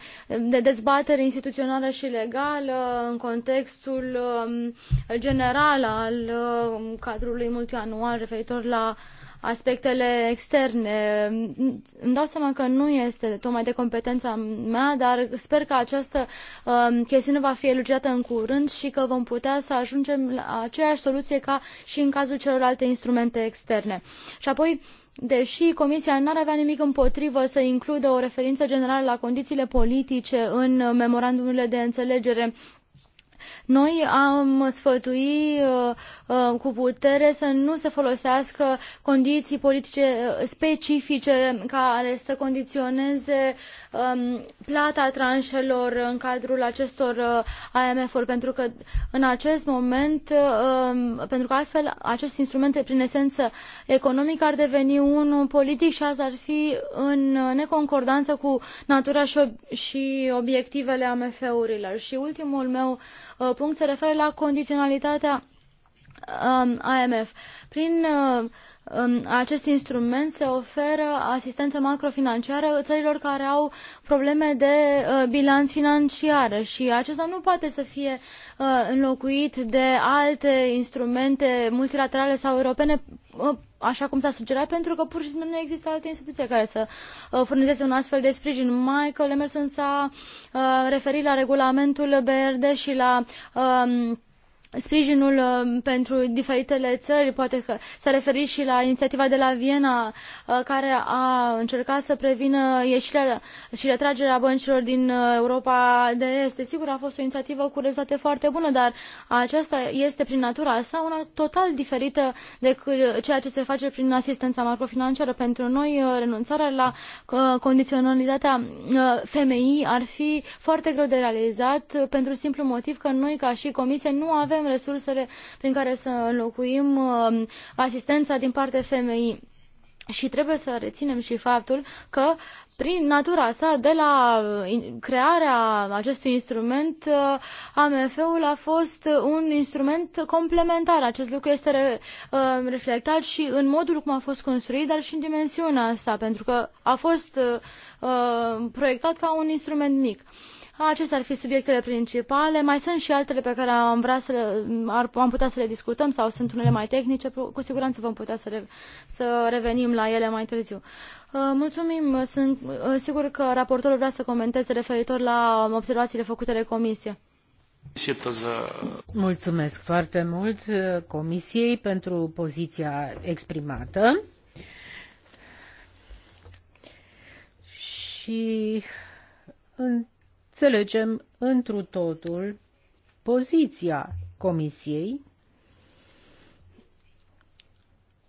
de dezbatere instituțională și legală în contextul um, general al uh, cadrului multianual referitor la uh, aspectele externe. Îmi dau seama că nu este tocmai de competența mea, dar sper că această um, chestiune va fi elucidată în curând și că vom putea să ajungem la aceeași soluție ca și în cazul celorlalte instrumente externe. Și apoi, deși Comisia n-ar avea nimic împotrivă să includă o referință generală la condițiile politice în memorandumurile de înțelegere noi am sfătui uh, uh, cu putere să nu se folosească condiții politice uh, specifice care să condiționeze um, plata tranșelor în cadrul acestor AMF-uri, pentru că în acest moment, um, pentru că astfel acest instrument prin esență economică ar deveni unul politic și asta ar fi în neconcordanță cu natura și obiectivele AMF-urilor. Și ultimul meu Uh, punct se referă la condiționalitatea um, AMF. Prin uh, um, acest instrument se oferă asistență macrofinanciară țărilor care au probleme de uh, bilanț financiar și acesta nu poate să fie înlocuit de alte instrumente multilaterale sau europene așa cum s-a sugerat, pentru că pur și simplu nu există alte instituții care să uh, furnizeze un astfel de sprijin. Michael Emerson s-a uh, referit la regulamentul BRD și la um, sprijinul um, pentru diferitele țări, poate că s-a referit și la inițiativa de la Viena, uh, care a încercat să prevină ieșirea și retragerea băncilor din uh, Europa de Est. Sigur a fost o inițiativă cu rezultate foarte bune, dar aceasta este prin natura sa una total diferită de ceea ce se face prin asistența macrofinanciară. Pentru noi, uh, renunțarea la condiționalitatea femeii ar fi foarte greu de realizat pentru simplu motiv că noi, ca și Comisie, nu avem avem resursele prin care să înlocuim um, asistența din partea femeii. Și trebuie să reținem și faptul că prin natura sa, de la uh, crearea acestui instrument, uh, AMF-ul a fost un instrument complementar. Acest lucru este re, uh, reflectat și în modul cum a fost construit, dar și în dimensiunea sa, pentru că a fost uh, proiectat ca un instrument mic. Acestea ar fi subiectele principale. Mai sunt și altele pe care am, vrea să le, ar, am putea să le discutăm sau sunt unele mai tehnice. Cu siguranță vom putea să, re, să revenim la ele mai târziu. Uh, mulțumim. Sunt uh, sigur că raportorul vrea să comenteze referitor la observațiile făcute de comisie.
Mulțumesc foarte mult uh, Comisiei pentru poziția exprimată și înțelegem întru totul poziția Comisiei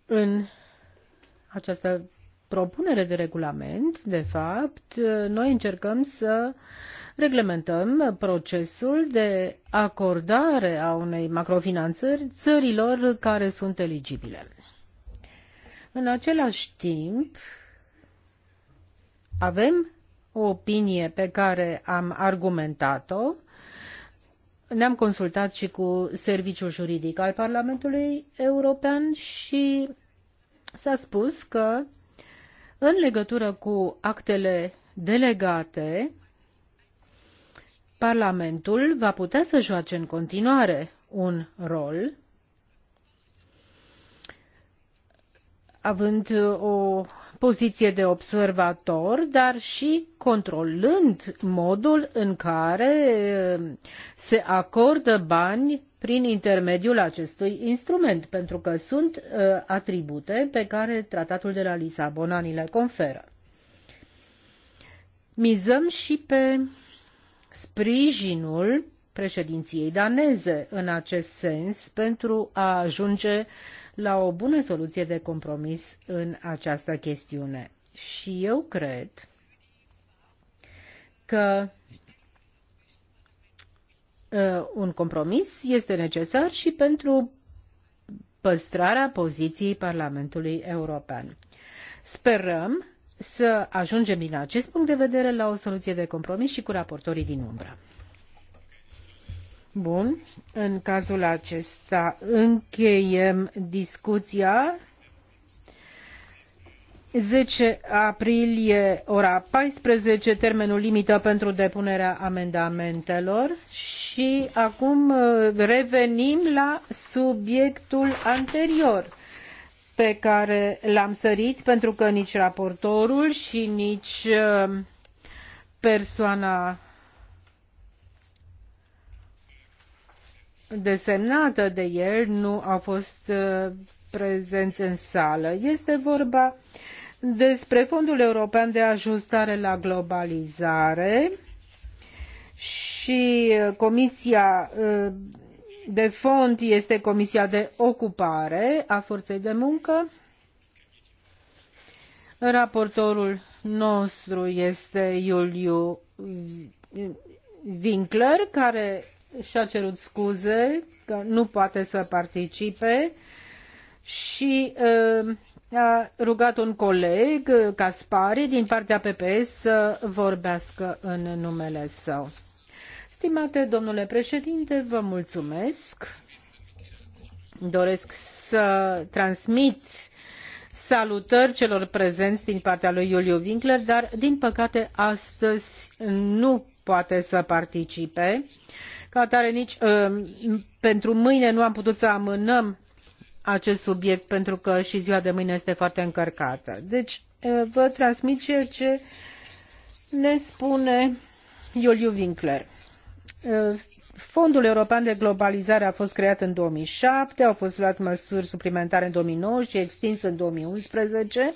în această propunere de regulament, de fapt, noi încercăm să reglementăm procesul de acordare a unei macrofinanțări țărilor care sunt eligibile. În același timp, avem o opinie pe care am argumentat-o. Ne-am consultat și cu Serviciul Juridic al Parlamentului European și s-a spus că în legătură cu actele delegate, Parlamentul va putea să joace în continuare un rol, având o poziție de observator, dar și controlând modul în care eh, se acordă bani prin intermediul acestui instrument, pentru că sunt eh, atribute pe care tratatul de la Lisabona ni le conferă. Mizăm și pe sprijinul președinției daneze în acest sens pentru a ajunge uh, la o bună soluție de compromis în această chestiune. Și eu cred că uh, un compromis este necesar și pentru păstrarea poziției Parlamentului European. Sperăm să ajungem din acest punct de vedere la o soluție de compromis și cu raportorii din umbră. Bun, în cazul acesta încheiem discuția. 10 aprilie, ora 14, termenul limită pentru depunerea amendamentelor și acum uh, revenim la subiectul anterior pe care l-am sărit pentru că nici raportorul și nici uh, persoana desemnată de el nu a fost uh, prezenți în sală. Este vorba despre Fondul European de Ajustare la Globalizare și uh, Comisia uh, de fond este Comisia de Ocupare a Forței de Muncă. Raportorul nostru este Iuliu Winkler, care și-a cerut scuze că nu poate să participe și uh, a rugat un coleg, uh, Caspari, din partea PPS să vorbească în numele său. Stimate domnule președinte, vă mulțumesc. Doresc să transmit salutări celor prezenți din partea lui Iuliu Winkler, dar din păcate astăzi nu poate să participe. Uh, ca atare, nici um, pentru mâine nu am putut să amânăm acest subiect pentru că și ziua de mâine este foarte încărcată. Deci uh, vă transmit ceea ce ne spune Iuliu Winkler. Uh, Fondul European de Globalizare a fost creat în 2007, au fost luate măsuri suplimentare în 2009 și extins în 2011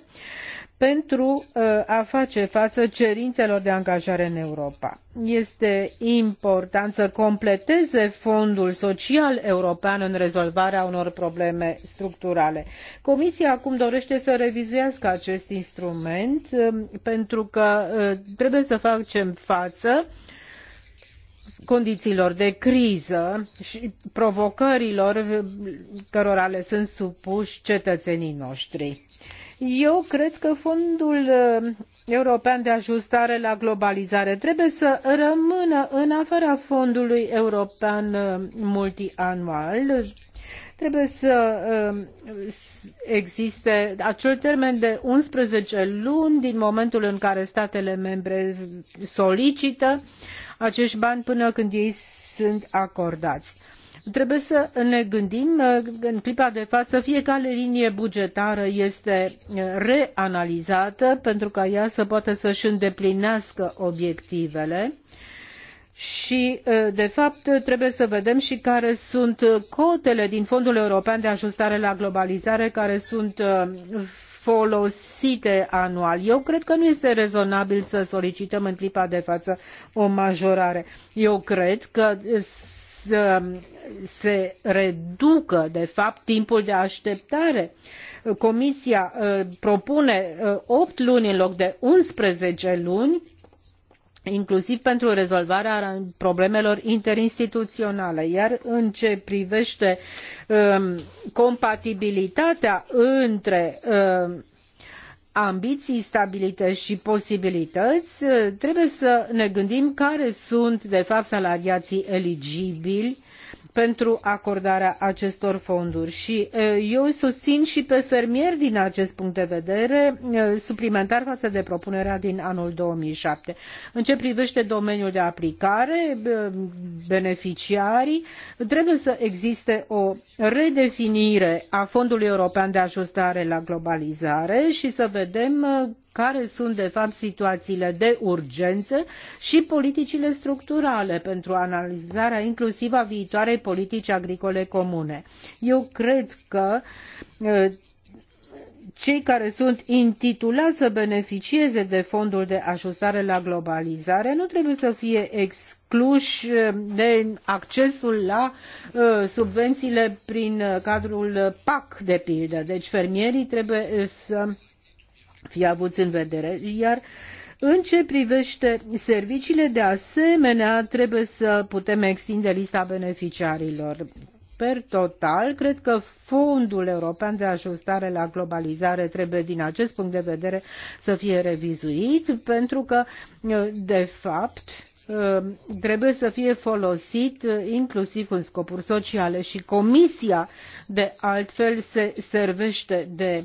pentru uh, a face față cerințelor de angajare în Europa. Este important să completeze Fondul Social European în rezolvarea unor probleme structurale. Comisia acum dorește să revizuiască acest instrument um, pentru că uh, trebuie să facem față uh, condițiilor de criză și provocărilor cărora le sunt supui cetățenii noștri. Eu cred că fondul uh, european de ajustare la globalizare trebuie să rămână în afara fondului european uh, multianual Trebuie să um, existe acel termen de 11 luni din momentul în care statele membre solicită acești bani până când ei sunt acordați trebuie să ne gândim uh, în clipa de față fiecare linie bugetară este uh, reanalizată pentru ca ea să poată să își îndeplinească obiectivele și și, de fapt, trebuie să vedem și care sunt cotele din Fondul European de Ajustare la Globalizare care sunt folosite anual. Eu cred că nu este rezonabil să solicităm în clipa de față o majorare. Eu cred că să se reducă, de fapt, timpul de așteptare. Comisia propune opt luni în loc de 11 luni inclusiv pentru rezolvarea problemelor interinstituționale. Iar în ce privește um, compatibilitatea între um, ambiții stabilite și posibilități, uh, trebuie să ne gândim care sunt, de fapt, salariații eligibili pentru acordarea acestor fonduri. Și eu susțin și pe fermieri din acest punct de vedere, suplimentar față de propunerea din anul 2007. În ce privește domeniul de aplicare, beneficiarii, trebuie să existe o redefinire a Fondului European de Ajustare la Globalizare și să vedem care sunt de fapt situațiile de urgență și politicile structurale pentru analizarea inclusiv a viitoarei politici agricole comune. Eu cred că cei care sunt intitulați să beneficieze de fondul de ajustare la globalizare nu trebuie să fie excluși de accesul la subvențiile prin cadrul PAC, de pildă. Deci fermierii trebuie să fi avut în vedere. Iar în ce privește serviciile, de asemenea, trebuie să putem extinde lista beneficiarilor. Per total, cred că Fondul European de Ajustare la Globalizare trebuie, din acest punct de vedere, să fie revizuit, pentru că, de fapt, trebuie să fie folosit inclusiv în scopuri sociale și Comisia, de altfel, se servește de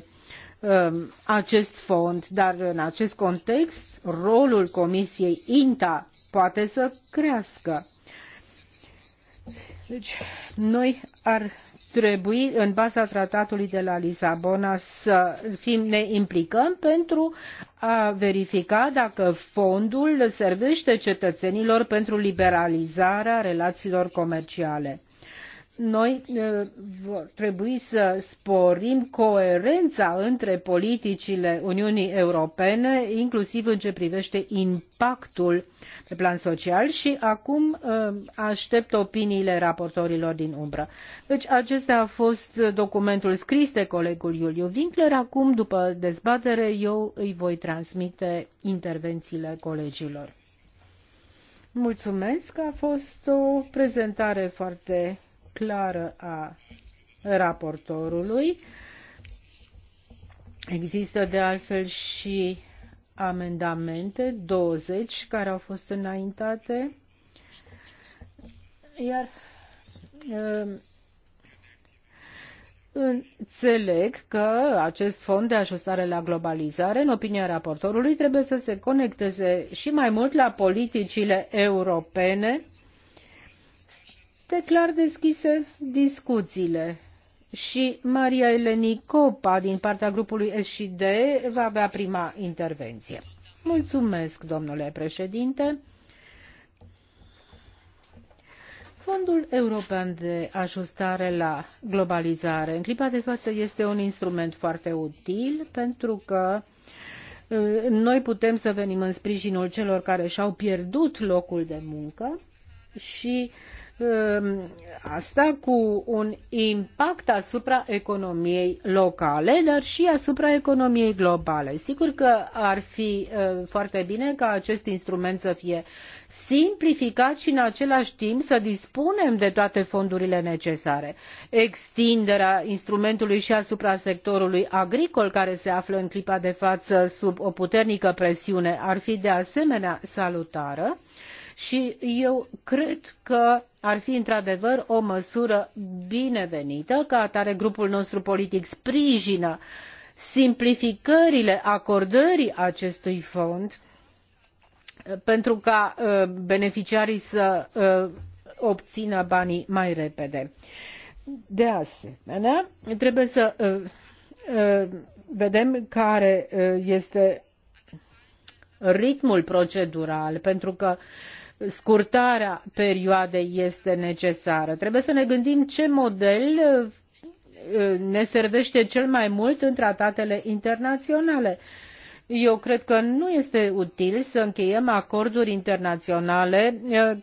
Um, acest fond, dar în acest context rolul Comisiei INTA poate să crească. Deci, noi ar trebui, în baza tratatului de la Lisabona, să fim, ne implicăm pentru a verifica dacă fondul servește cetățenilor pentru liberalizarea relațiilor comerciale noi eh, trebuie să sporim coerența între politicile Uniunii Europene, inclusiv în ce privește impactul pe plan social și acum eh, aștept opiniile raportorilor din umbră. Deci acesta a fost documentul scris de colegul Iuliu Winkler. Acum, după dezbatere, eu îi voi transmite intervențiile colegilor. Mulțumesc, a fost o prezentare foarte clară a raportorului. Există de altfel și amendamente, 20, care au fost înaintate, iar uh, Înțeleg că acest fond de ajustare la globalizare, în opinia raportorului, trebuie să se conecteze și mai mult la politicile europene este clar deschise discuțiile și Maria Eleni Copa din partea grupului SD va avea prima intervenție. Mulțumesc, domnule președinte. Fondul European de Ajustare la Globalizare în clipa de față este un instrument foarte util pentru că ă, noi putem să venim în sprijinul celor care și-au pierdut locul de muncă și uh, Ehm, asta cu un impact asupra economiei locale, dar și asupra economiei globale. Sigur că ar fi ehm, foarte bine ca acest instrument să fie simplificat și în același timp să dispunem de toate fondurile necesare. Extinderea instrumentului și asupra sectorului agricol, care se află în clipa de față sub o puternică presiune, ar fi de asemenea salutară și eu cred că ar fi într-adevăr o măsură binevenită. Ca atare, grupul nostru politic sprijină simplificările acordării acestui fond pentru ca uh, beneficiarii să uh, obțină banii mai repede. De asemenea, trebuie să uh, vedem care este ritmul procedural, pentru că uh, scurtarea perioadei este necesară. Trebuie să ne gândim ce model uh, ne servește cel mai mult în tratatele internaționale. Eu cred că nu este util să încheiem acorduri internaționale uh,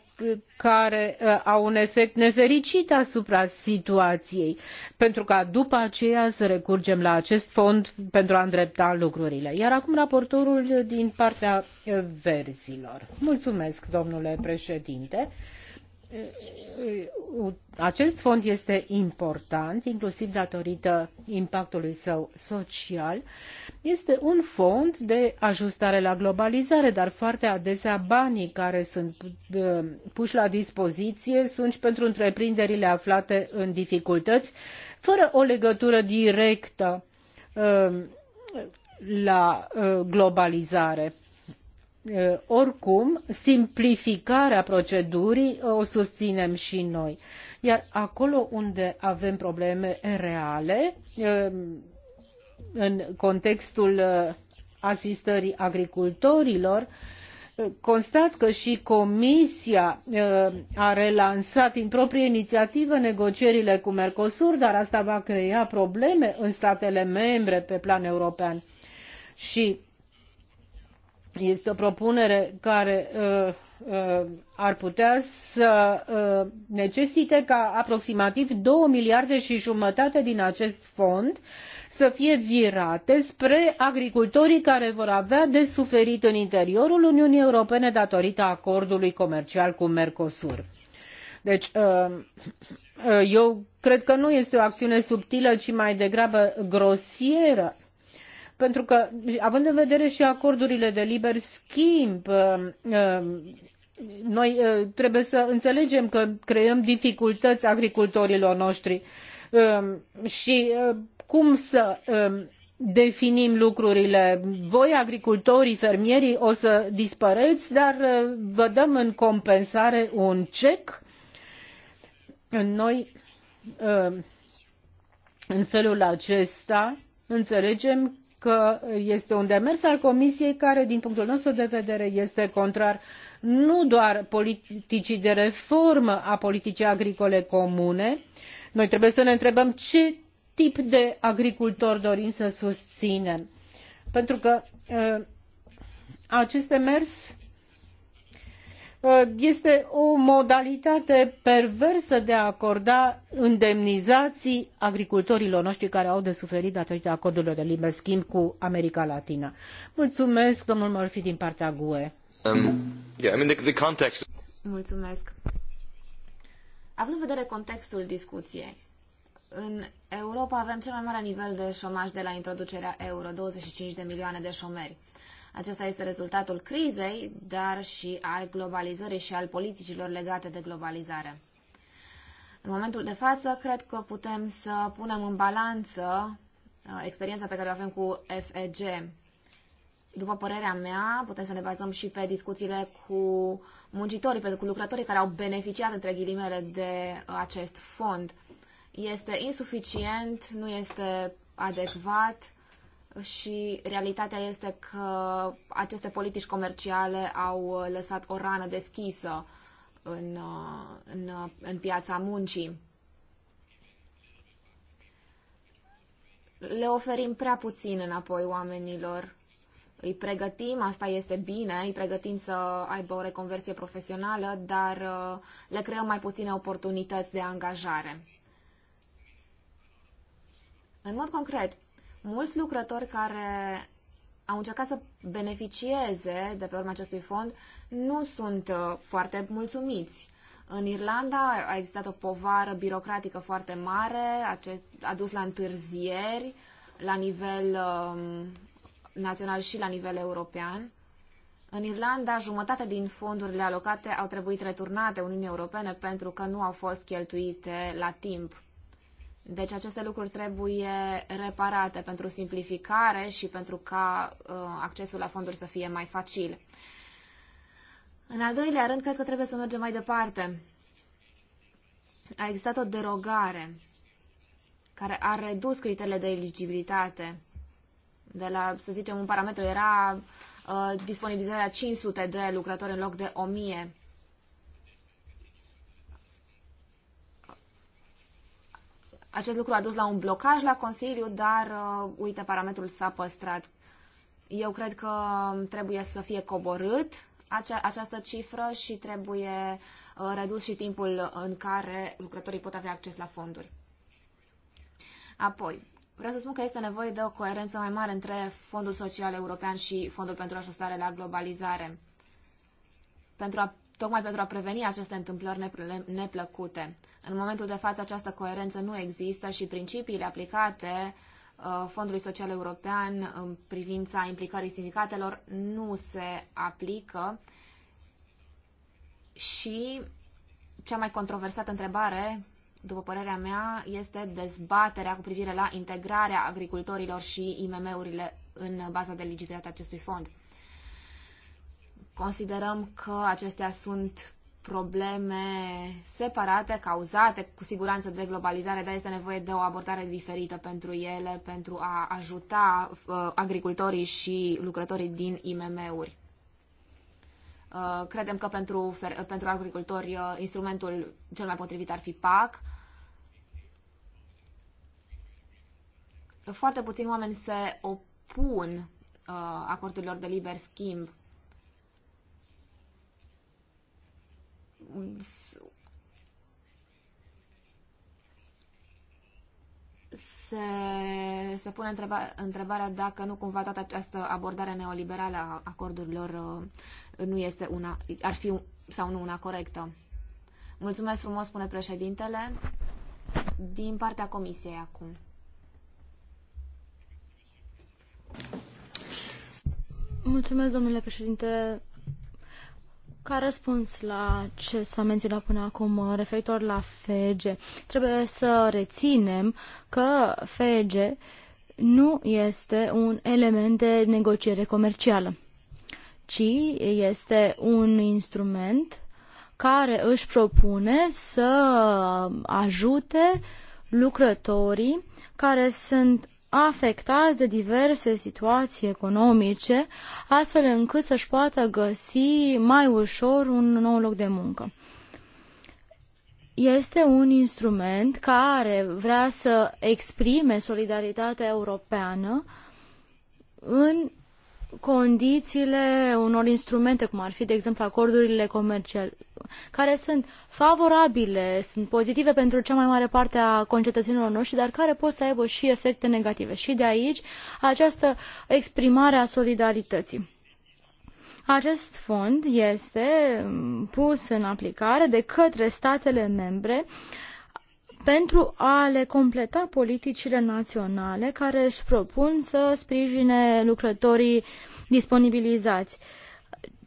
care uh, au un efect nefericit asupra situației, pentru ca după aceea să recurgem la acest fond pentru a îndrepta lucrurile. Iar acum raportorul din partea uh, verzilor. Mulțumesc, domnule președinte. Uh, uh, acest fond este important, inclusiv datorită impactului său social. Este un fond de ajustare la globalizare, dar foarte adesea banii care sunt uh, puși la dispoziție sunt și pentru întreprinderile aflate în dificultăți, fără o legătură directă la globalizare. Eh, oricum, simplificarea procedurii eh, o susținem și noi. Iar acolo unde avem probleme reale, eh, în contextul asistării agricultorilor, constat că și Comisia a relansat din proprie inițiativă negocierile cu Mercosur, dar asta va crea probleme în statele membre pe plan european. Și este o propunere care uh, uh, ar putea să uh, necesite ca aproximativ 2 miliarde și jumătate din acest fond să fie virate spre agricultorii care vor avea de suferit în interiorul Uniunii Europene datorită acordului comercial cu Mercosur. Deci, uh, uh, eu cred că nu este o acțiune subtilă, ci mai degrabă grosieră pentru că, având în vedere și acordurile de liber schimb, um, um, noi uh, trebuie să înțelegem că creăm dificultăți agricultorilor noștri um, și uh, cum să definim lucrurile. Voi, agricultorii, fermierii, o să dispăreți, dar uh, vă dăm în compensare un cec. Noi, în felul acesta, înțelegem că este un demers al Comisiei care, din punctul nostru de vedere, este contrar nu doar politicii de reformă a politicii agricole comune. Noi trebuie să ne întrebăm ce tip de agricultor dorim să susținem. Pentru că uh, acest demers Uh, este o modalitate perversă de a acorda indemnizații agricultorilor noștri care au de suferit datorită acordurilor de liber schimb cu America Latină. Mulțumesc, domnul Murphy, din partea GUE.
Um, yeah, I mean the, the context... Mulțumesc. Având în vedere contextul discuției, în Europa avem cel mai mare nivel de șomaj de la introducerea euro, 25 de milioane de șomeri. Acesta este rezultatul crizei, dar și al globalizării și al politicilor legate de globalizare. În momentul de față, cred că putem să punem în balanță uh, experiența pe care o avem cu FEG. După părerea mea, putem să ne bazăm și pe discuțiile cu muncitorii, pe, cu lucrătorii care au beneficiat, între ghilimele, de uh, acest fond. Este insuficient, nu este adecvat și realitatea este că aceste politici comerciale au lăsat o rană deschisă în, uh, în, uh, în piața muncii. Le oferim prea puțin înapoi oamenilor. Îi pregătim, asta este bine, îi pregătim să aibă o reconversie profesională, dar uh, le creăm mai puține oportunități de angajare. În mod concret, mulți lucrători care au încercat să beneficieze de pe urma acestui fond nu sunt uh, foarte mulțumiți. În Irlanda a existat o povară birocratică foarte mare, acest, a dus la întârzieri la nivel um, național și la nivel european. În Irlanda, jumătate din fondurile alocate au trebuit returnate Uniunii Europene pentru că nu au fost cheltuite la timp. Deci aceste lucruri trebuie reparate pentru simplificare și pentru ca uh, accesul la fonduri să fie mai facil. În al doilea rând, cred că trebuie să mergem mai departe. A existat o derogare care a redus criteriile de eligibilitate. De la, să zicem, un parametru era uh, disponibilizarea 500 de lucrători în loc de 1000. Acest lucru a dus la un blocaj la Consiliu, dar, uh, uite, parametrul s-a păstrat. Eu cred că um, trebuie să fie coborât acea, această cifră și trebuie uh, redus și timpul în care lucrătorii pot avea acces la fonduri. Apoi, vreau să spun că este nevoie de o coerență mai mare între Fondul Social European și Fondul pentru Ajustare la Globalizare. Pentru a tocmai pentru a preveni aceste întâmplări neplăcute. În momentul de față această coerență nu există și principiile aplicate uh, Fondului Social European în privința implicării sindicatelor nu se aplică și cea mai controversată întrebare, după părerea mea, este dezbaterea cu privire la integrarea agricultorilor și IMM-urile în baza de eligibilitate acestui fond. Considerăm că acestea sunt probleme separate, cauzate cu siguranță de globalizare, dar este nevoie de o abordare diferită pentru ele, pentru a ajuta uh, agricultorii și lucrătorii din IMM-uri. Uh, credem că pentru, pentru agricultori uh, instrumentul cel mai potrivit ar fi PAC. Foarte puțini oameni se opun uh, acordurilor de liber schimb se, se pune întreba, întrebarea dacă nu cumva toată această abordare neoliberală a acordurilor uh, nu este una, ar fi sau nu una corectă. Mulțumesc frumos, spune președintele. Din partea comisiei acum.
Mulțumesc, domnule președinte. Ca răspuns la ce s-a menționat până acum uh, referitor la FEG, trebuie să reținem că FEG nu este un element de negociere comercială, ci este un instrument care își propune să ajute lucrătorii care sunt afectați de diverse situații economice, astfel încât să-și poată găsi mai ușor un nou loc de muncă. Este un instrument care vrea să exprime solidaritatea europeană în condițiile unor instrumente, cum ar fi, de exemplu, acordurile comerciale, care sunt favorabile, sunt pozitive pentru cea mai mare parte a concetățenilor noștri, dar care pot să aibă și efecte negative. Și de aici această exprimare a solidarității. Acest fond este pus în aplicare de către statele membre uh, pentru a le completa politicile naționale care își propun să sprijine lucrătorii disponibilizați.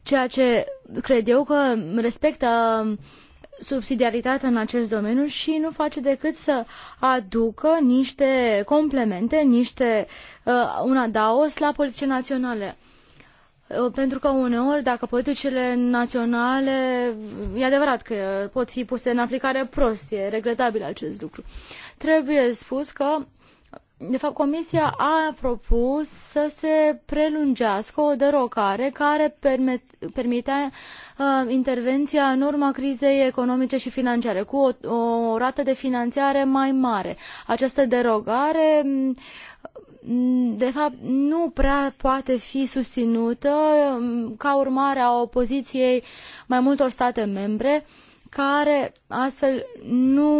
Ceea ce cred eu că respectă subsidiaritatea în acest domeniu și nu face decât să aducă niște complemente, niște uh, un adaos la politicile naționale. Uh, pentru că uneori, dacă politicile naționale, e adevărat că pot fi puse în aplicare prost, e regretabil acest lucru. Trebuie spus că, de fapt, Comisia a propus să se prelungească o derocare care permit, permitea uh, intervenția în urma crizei economice și financiare, cu o, o rată de finanțare mai mare. Această derogare mm, de fapt, nu prea poate fi susținută mm, ca urmare a opoziției mai multor state membre care astfel nu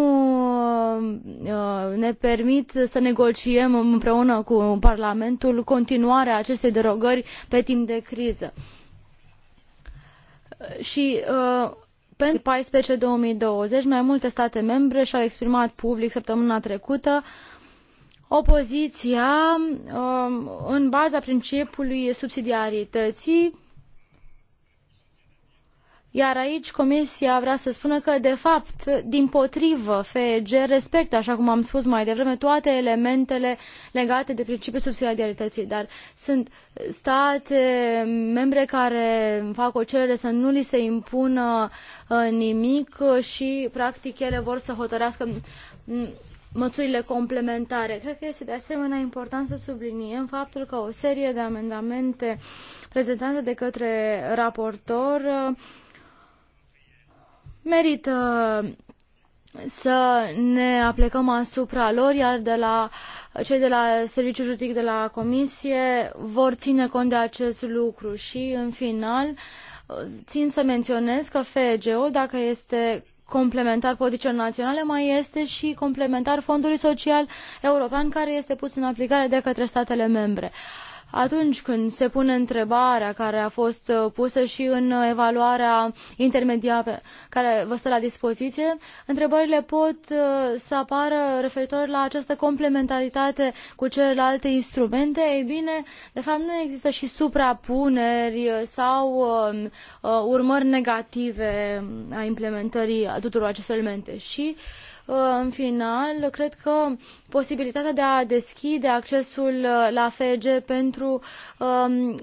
mm, uh, ne permit să negociem împreună cu Parlamentul continuarea acestei derogări pe timp de criză. Și uh, pentru 2014-2020, mai multe state membre și-au exprimat public săptămâna trecută opoziția um, în baza principiului subsidiarității iar aici Comisia vrea să spună că, de fapt, din potrivă, FEG respectă, așa cum am spus mai devreme, toate elementele legate de principiul subsidiarității. Dar sunt state membre care fac o cerere să nu li se impună uh, nimic și, practic, ele vor să hotărească măsurile complementare. Cred că este de asemenea important să subliniem faptul că o serie de amendamente prezentate de către raportor uh, merită uh, să ne aplicăm asupra lor, iar de la uh, cei de la Serviciul Juridic de la Comisie vor ține cont de acest lucru și, în final, țin să menționez că feg dacă este complementar politicilor naționale mai este și complementar fondului social european care este pus în aplicare de către statele membre. Uh, atunci când se pune întrebarea care a fost uh, pusă și în uh, evaluarea intermediară care vă stă la dispoziție, întrebările pot uh, să apară referitor la această complementaritate cu celelalte instrumente. Ei bine, de fapt nu există și suprapuneri sau um, urmări negative um, a implementării a tuturor acestor elemente. Și uh, în final, cred că posibilitatea de a deschide accesul uh, la FG pentru um,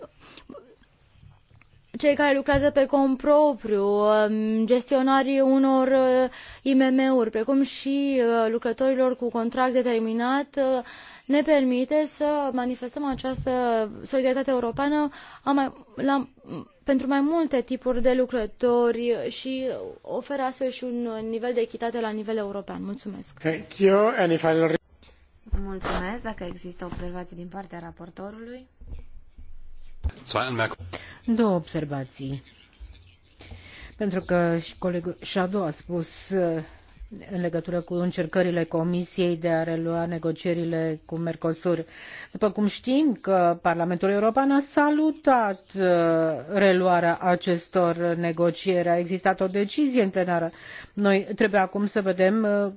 cei care lucrează pe cont propriu, um, gestionarii unor uh, IMM-uri, precum și uh, lucrătorilor cu contract determinat, ne permite să manifestăm această solidaritate europeană a mai, la, pentru mai multe tipuri de lucrători și oferă astfel și un nivel de echitate la nivel european. Mulțumesc!
Thank you. Any final...
Mulțumesc. Dacă există observații din partea raportorului.
Două observații. Pentru că și colegul Shadow a spus în legătură cu încercările Comisiei de a relua negocierile cu Mercosur. După cum știm că Parlamentul European a salutat uh, reluarea acestor negocieri, a existat o decizie în plenară. Noi trebuie acum să vedem uh,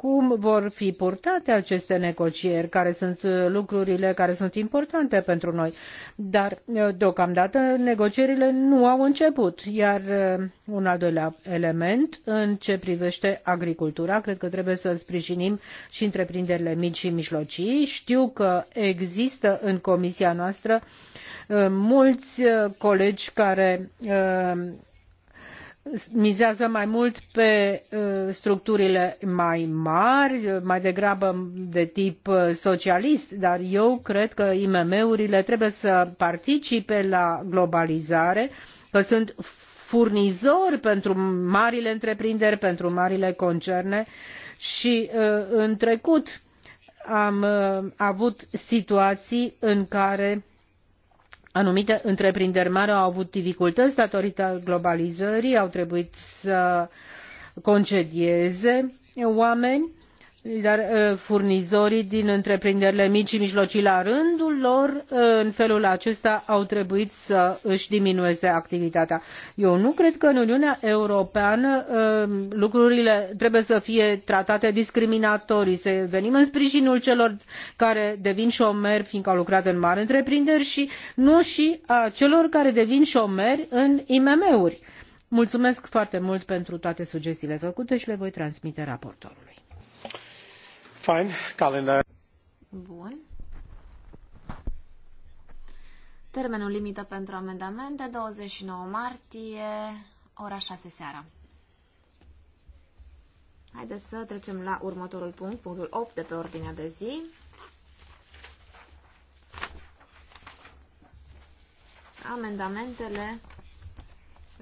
cum vor fi purtate aceste negocieri, care sunt uh, lucrurile care sunt importante pentru noi. Dar, uh, deocamdată, negocierile nu au început. Iar uh, un al doilea element, în ce privește agricultura, cred că trebuie să sprijinim și întreprinderile mici și mijlocii. Știu că există în comisia noastră mulți colegi care mizează mai mult pe uh, structurile mai mari, mai degrabă de tip uh, socialist, dar eu cred că IMM-urile trebuie să participe la globalizare, că sunt furnizori pentru marile întreprinderi, pentru marile concerne și uh, în trecut am avut situații în care Anumite întreprinderi mari au avut dificultăți datorită globalizării, au trebuit să concedieze oameni dar uh, furnizorii din întreprinderile mici și mijlocii la rândul lor uh, în felul acesta au trebuit să își diminueze activitatea. Eu nu cred că în Uniunea Europeană uh, lucrurile trebuie să fie tratate discriminatorii, să venim în sprijinul celor care devin șomeri fiindcă au lucrat în mari întreprinderi și nu și a celor care devin șomeri în IMM-uri. Mulțumesc foarte mult pentru toate sugestiile făcute și le voi transmite raportorului. Fine, calendar. Bun.
Termenul limită pentru amendamente, 29 martie, ora 6 seara. Haideți să trecem la următorul punct, punctul 8 de pe ordinea de zi. Amendamentele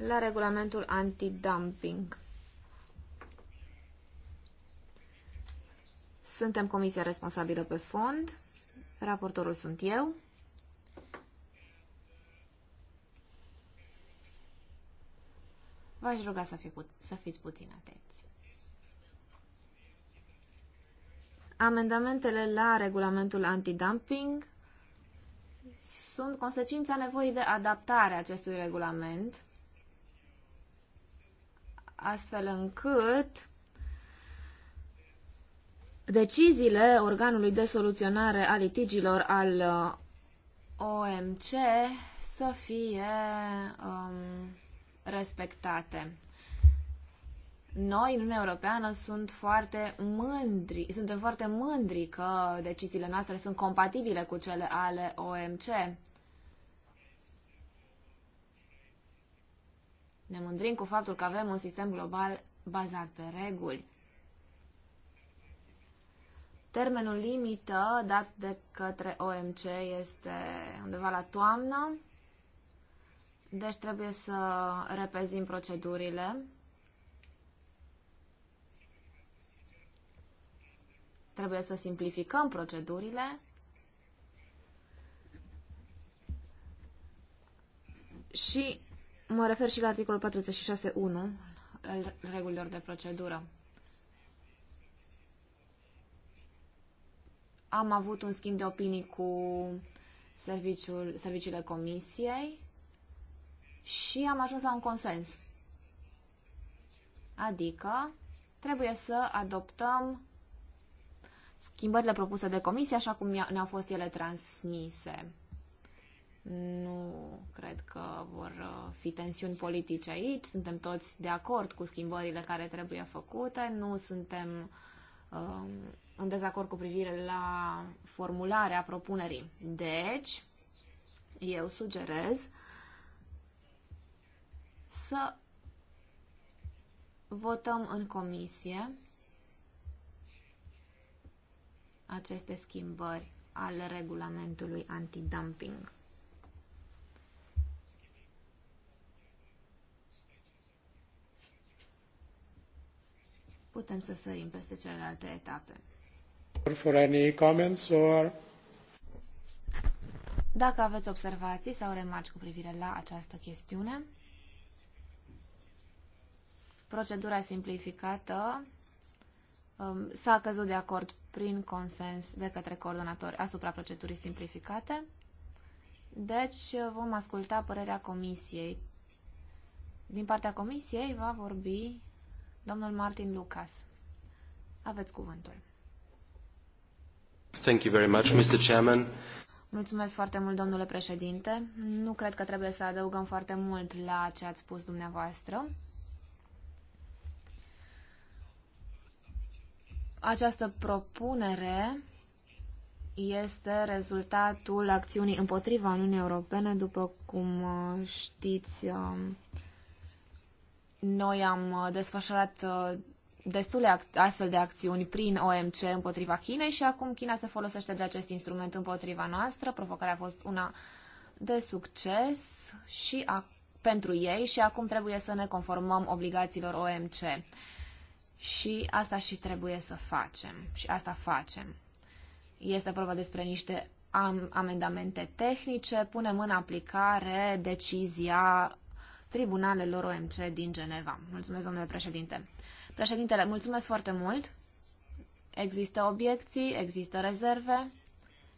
la regulamentul antidumping. Suntem comisia responsabilă pe fond. Raportorul sunt eu. V-aș ruga să, fi put- să fiți puțin atenți. Amendamentele la regulamentul antidumping sunt consecința nevoii de adaptare a acestui regulament, astfel încât Deciziile organului de soluționare a litigilor al uh, OMC să fie um, respectate. Noi, în Uniunea Europeană, sunt foarte mândri, suntem foarte mândri că deciziile noastre sunt compatibile cu cele ale OMC. Ne mândrim cu faptul că avem un sistem global bazat pe reguli. Termenul limită dat de către OMC este undeva la toamnă, deci trebuie să repezim procedurile. Trebuie să simplificăm procedurile. Și mă refer și la articolul 46.1 al regulilor de procedură. Am avut un schimb de opinii cu serviciul, serviciile comisiei și am ajuns la un consens. Adică trebuie să adoptăm schimbările propuse de comisie așa cum ne-au fost ele transmise. Nu cred că vor uh, fi tensiuni politice aici, suntem toți de acord cu schimbările care trebuie făcute, nu suntem um, în dezacord cu privire la formularea propunerii. Deci, eu sugerez să votăm în comisie aceste schimbări ale regulamentului antidumping. Putem să sărim peste celelalte etape.
For any comments or...
Dacă aveți observații sau remarci cu privire la această chestiune, procedura simplificată um, s-a căzut de acord prin consens de către coordonatori asupra procedurii simplificate. Deci vom asculta părerea comisiei. Din partea comisiei va vorbi domnul Martin Lucas. Aveți cuvântul. Thank you very much, Mr. Chairman. Mulțumesc foarte mult, domnule președinte. Nu cred că trebuie să adăugăm foarte mult la ce ați spus dumneavoastră. Această propunere este rezultatul acțiunii împotriva Uniunii Europene, după cum uh, știți, um, noi am uh, desfășurat uh, destule astfel de acțiuni prin OMC împotriva Chinei și acum China se folosește de acest instrument împotriva noastră. Provocarea a fost una de succes și a, pentru ei și acum trebuie să ne conformăm obligațiilor OMC. Și asta și trebuie să facem. Și asta facem. Este vorba despre niște am, amendamente tehnice. Punem în aplicare decizia tribunalelor OMC din Geneva. Mulțumesc, domnule președinte. Președintele, mulțumesc foarte mult. Există obiecții? Există rezerve?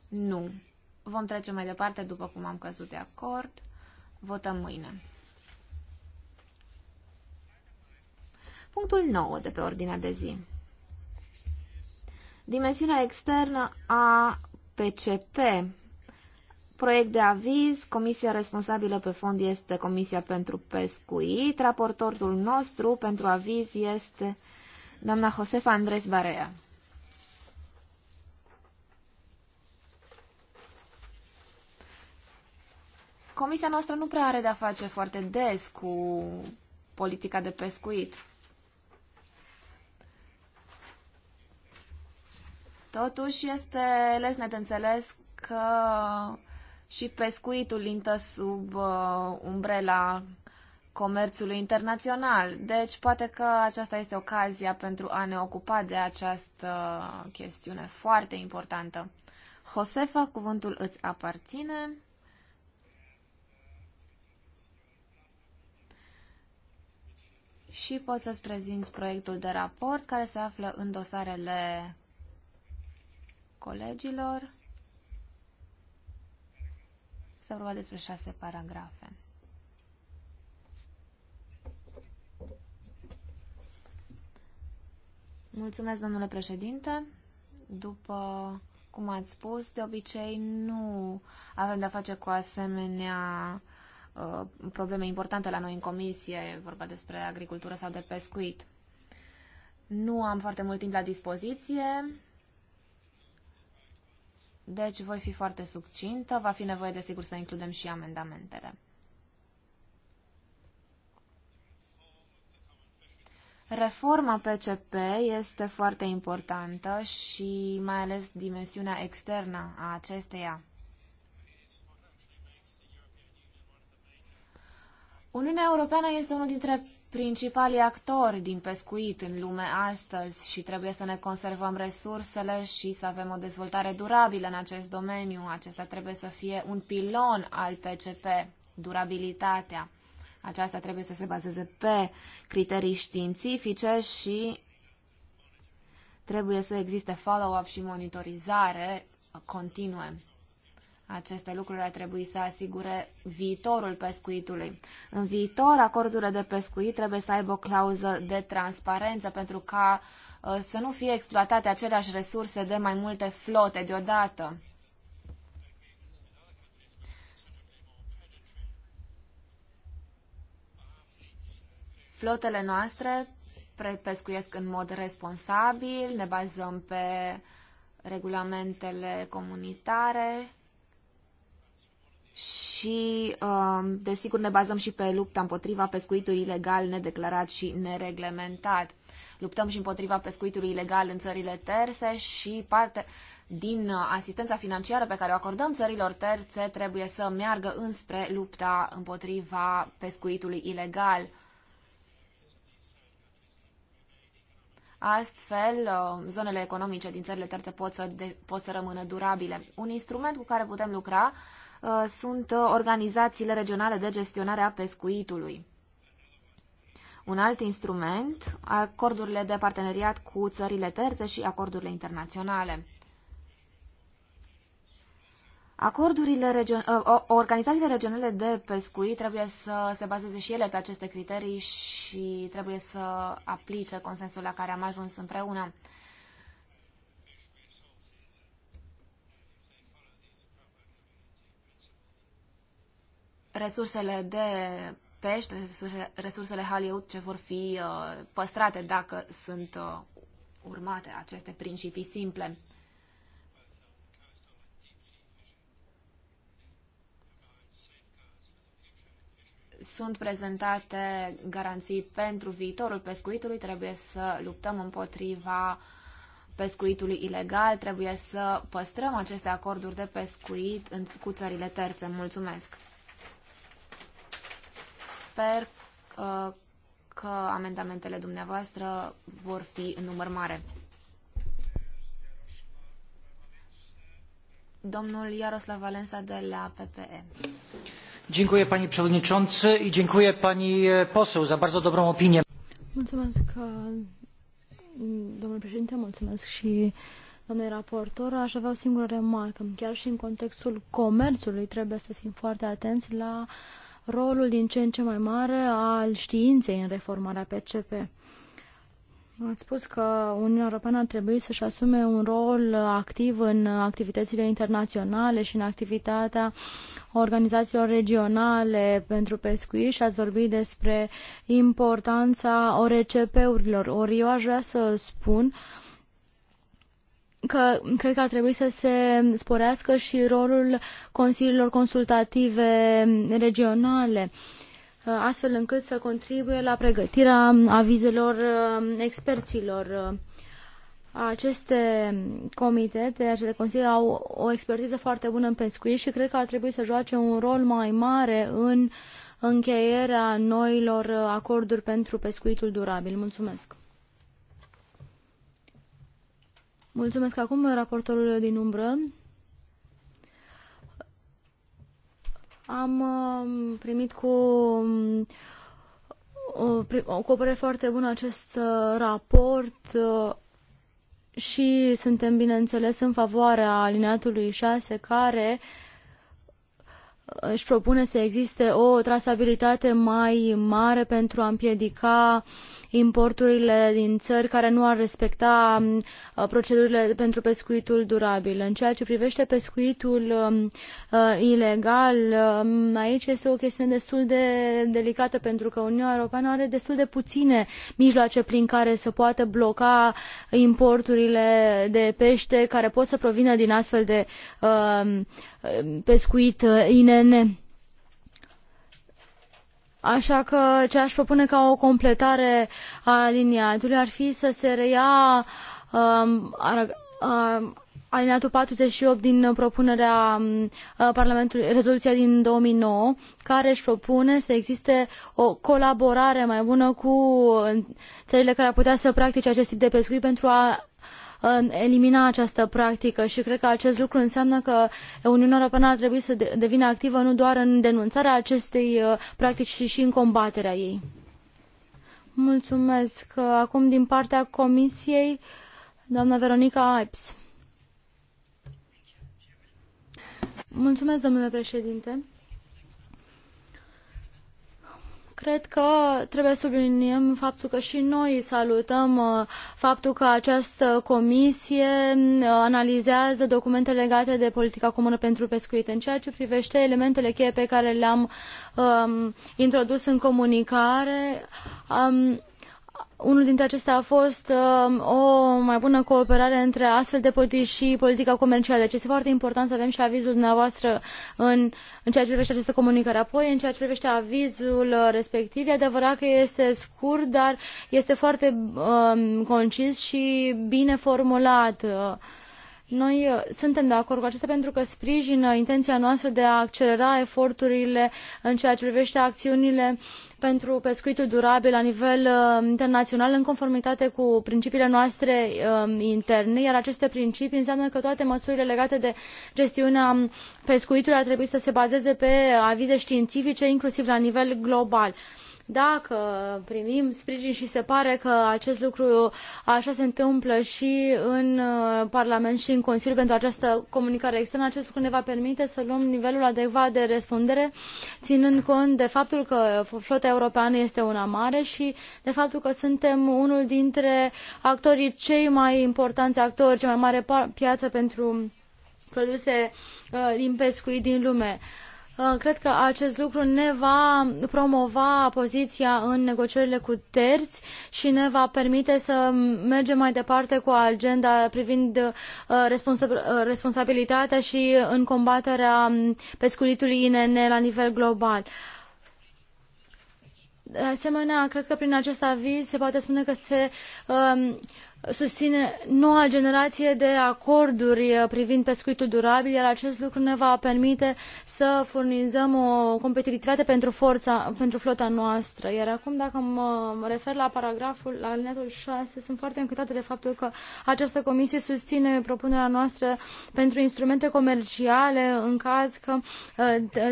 Nu. Vom trece mai departe după cum am căzut de acord. Votăm mâine. Punctul 9 de pe ordinea de zi. Dimensiunea externă a PCP Proiect de aviz, comisia responsabilă pe fond este Comisia pentru Pescuit. Raportorul nostru pentru aviz este doamna Josefa Andres Barea. Comisia noastră nu prea are de-a face foarte des cu politica de pescuit. Totuși este lesne de înțeles că și pescuitul intă sub uh, umbrela comerțului internațional. Deci poate că aceasta este ocazia pentru a ne ocupa de această chestiune foarte importantă. Josefa, cuvântul îți aparține. Și poți să-ți prezinți proiectul de raport care se află în dosarele colegilor. Este vorba despre șase paragrafe. Mulțumesc, domnule președinte. După cum ați spus, de obicei nu avem de-a face cu asemenea uh, probleme importante la noi în comisie, e vorba despre agricultură sau de pescuit. Nu am foarte mult timp la dispoziție, deci voi fi foarte succintă, va fi nevoie desigur să includem și amendamentele. Reforma PCP este foarte importantă și mai ales dimensiunea externă a acesteia. Uniunea Europeană este unul dintre principalii actori din pescuit în lume astăzi și trebuie să ne conservăm resursele și să avem o dezvoltare durabilă în acest domeniu. Acesta trebuie să fie un pilon al PCP, durabilitatea. Aceasta trebuie să se bazeze pe criterii științifice și trebuie să existe follow-up și monitorizare continuă. Aceste lucruri ar trebui să asigure viitorul pescuitului. În viitor, acordurile de pescuit trebuie să aibă o clauză de transparență pentru ca uh, să nu fie exploatate aceleași resurse de mai multe flote deodată. Flotele noastre pescuiesc în mod responsabil, ne bazăm pe regulamentele comunitare și, um, desigur, ne bazăm și pe lupta împotriva pescuitului ilegal, nedeclarat și nereglementat. Luptăm și împotriva pescuitului ilegal în țările terse și parte din asistența financiară pe care o acordăm țărilor terțe trebuie să meargă înspre lupta împotriva pescuitului ilegal. Astfel, um, zonele economice din țările terțe pot să, de, pot să rămână durabile. Un instrument cu care putem lucra uh, Uh, sunt uh, organizațiile regionale de gestionare a pescuitului. Un alt instrument, acordurile de parteneriat cu țările terțe și acordurile internaționale. Acordurile region... Uh, organizațiile regionale de pescuit trebuie să se bazeze și ele pe aceste criterii și trebuie să aplice consensul la care am ajuns împreună. resursele de pește, resursele, Hollywood ce vor fi uh, păstrate dacă sunt uh, urmate aceste principii simple. Sunt prezentate garanții pentru viitorul pescuitului, trebuie să luptăm împotriva pescuitului ilegal, trebuie să păstrăm aceste acorduri de pescuit în, cu țările terțe. Mulțumesc! Sper uh, că amendamentele dumneavoastră vor fi în număr mare. Domnul Jaroslav Valensa de la PPE.
Dziękuję pani przewodniczący i dziękuję pani poseł za bardzo dobrą opinię.
Mulțumesc, domnule președinte, mulțumesc și domnule raportor. Aș avea o singură remarcă. Chiar și în contextul comerțului trebuie să fim foarte atenți la uh, rolul din ce în ce mai mare al științei în reformarea PCP. Ați spus că Uniunea Europeană ar trebui să-și asume un rol activ în activitățile internaționale și în activitatea organizațiilor regionale pentru pescuit și ați vorbit despre importanța ORCP-urilor. Ori eu aș vrea să spun uh, că cred că ar trebui să se sporească și rolul consiliilor consultative regionale, uh, astfel încât să contribuie la pregătirea avizelor uh, experților. Uh, aceste comitete, aceste consilii au o expertiză foarte bună în pescuit și cred că ar trebui să joace un rol mai mare în încheierea noilor acorduri pentru pescuitul durabil. Mulțumesc! Mulțumesc acum raportorul din umbră. Am um, primit cu um, o, o foarte bună acest uh, raport uh, și suntem, bineînțeles, în favoarea alineatului 6, care uh, își propune să existe o trasabilitate mai mare pentru a împiedica importurile din țări care nu ar respecta um, procedurile pentru pescuitul durabil. În ceea ce privește pescuitul um, uh, ilegal, um, aici este o chestiune destul de delicată pentru că Uniunea Europeană are destul de puține mijloace prin care să poată bloca importurile de pește care pot să provină din astfel de uh, pescuit uh, INN. Așa că ce aș propune ca o completare a aliniatului ar fi să se reia um, ar, um, alineatul 48 din propunerea um, uh, Parlamentului, rezoluția din 2009, care își propune să existe o colaborare mai bună cu uh, țările care ar putea să practice acest tip de pescuit pentru a elimina această practică și cred că acest lucru înseamnă că Uniunea Europeană ar trebui să devină activă nu doar în denunțarea acestei uh, practici, ci și în combaterea ei. Mulțumesc. Acum din partea Comisiei, doamna Veronica Aips. Mulțumesc, domnule președinte. Cred că trebuie să subliniem faptul că și noi salutăm uh, faptul că această comisie uh, analizează documente legate de politica comună pentru pescuit. În ceea ce privește elementele cheie pe care le-am um, introdus în comunicare, um, unul dintre acestea a fost uh, o mai bună cooperare între astfel de politici și politica comercială. Deci este foarte important să avem și avizul dumneavoastră în, în ceea ce privește această comunicare. Apoi, în ceea ce privește avizul respectiv, e adevărat că este scurt, dar este foarte um, concis și bine formulat. Noi uh, suntem de acord cu acestea pentru că sprijină intenția noastră de a accelera eforturile în ceea ce privește acțiunile uh, pentru pescuitul durabil la nivel internaional uh, internațional în conformitate cu principiile noastre uh, interne, iar aceste principii înseamnă că toate măsurile legate de gestiunea um, pescuitului ar trebui să se bazeze pe avize științifice, inclusiv la nivel global. Dacă primim sprijin și se pare că acest lucru așa se întâmplă și în uh, Parlament și în Consiliu pentru această comunicare externă, acest lucru ne va permite să luăm nivelul adecvat de răspundere, ținând cont de faptul că flota europeană este una mare și de faptul că suntem unul dintre actorii cei mai importanți actori, cea mai mare piață pentru produse uh, din pescuit din lume. Uh, Uh, cred că acest lucru ne va promova poziția în negocierile cu terți și ne va permite să mergem mai departe cu agenda privind uh, uh, responsabilitatea și în combaterea pescuitului INN la nivel global. De asemenea, cred că prin acest aviz se poate spune că se uh, susține noua generație de acorduri uh, privind pescuitul durabil, iar acest lucru ne va permite să furnizăm o competitivitate pentru, forța, pentru flota noastră. Iar acum, dacă mă refer la paragraful, la alineatul 6, sunt foarte încântată de faptul că această comisie susține propunerea noastră pentru instrumente comerciale în caz că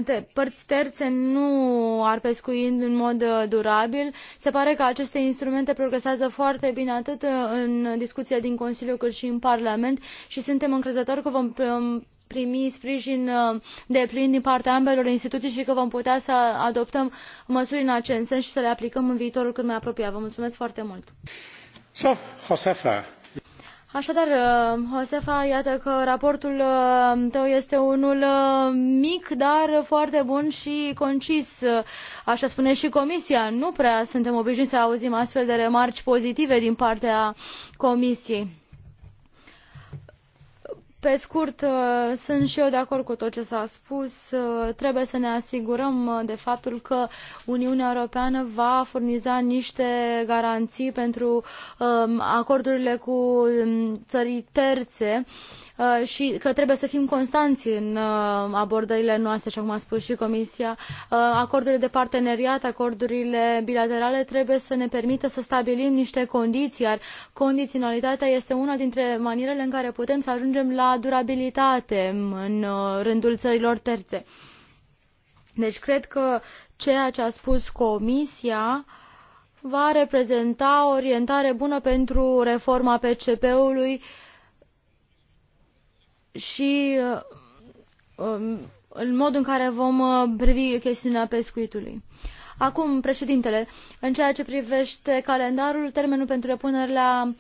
uh, părți terțe nu ar pescui în mod uh, durabil. Se pare că aceste instrumente progresează foarte bine atât în în discuția din Consiliu cât și în Parlament și suntem încrezători că vom primi sprijin uh, de plin din partea ambelor instituții și că vom putea să adoptăm măsuri în acest sens și să le aplicăm în viitorul cât mai apropiat. Vă mulțumesc foarte mult!
So, Josefa,
Așadar, uh, Josefa, iată că raportul uh, tău este unul uh, mic, dar foarte bun și concis. Așa spune și Comisia. Nu prea suntem obișnuiți să auzim astfel de remarci pozitive din partea Comisiei. Pe scurt, uh, sunt și eu de acord cu tot ce s-a spus. Uh, trebuie să ne asigurăm uh, de faptul că Uniunea Europeană va furniza niște garanții pentru um, acordurile cu um, țării terțe Uh, și că trebuie să fim constanți în uh, abordările noastre, așa cum a spus și Comisia. Uh, acordurile de parteneriat, acordurile bilaterale trebuie să ne permită să stabilim niște condiții, iar condiționalitatea este una dintre manierele în care putem să ajungem la durabilitate în rândul țărilor terțe. Deci cred că ceea ce a spus Comisia va reprezenta o orientare bună pentru reforma PCP-ului uh, și uh, um, în modul în care vom uh, privi chestiunea pescuitului. Acum, președintele, în ceea ce privește calendarul, termenul pentru la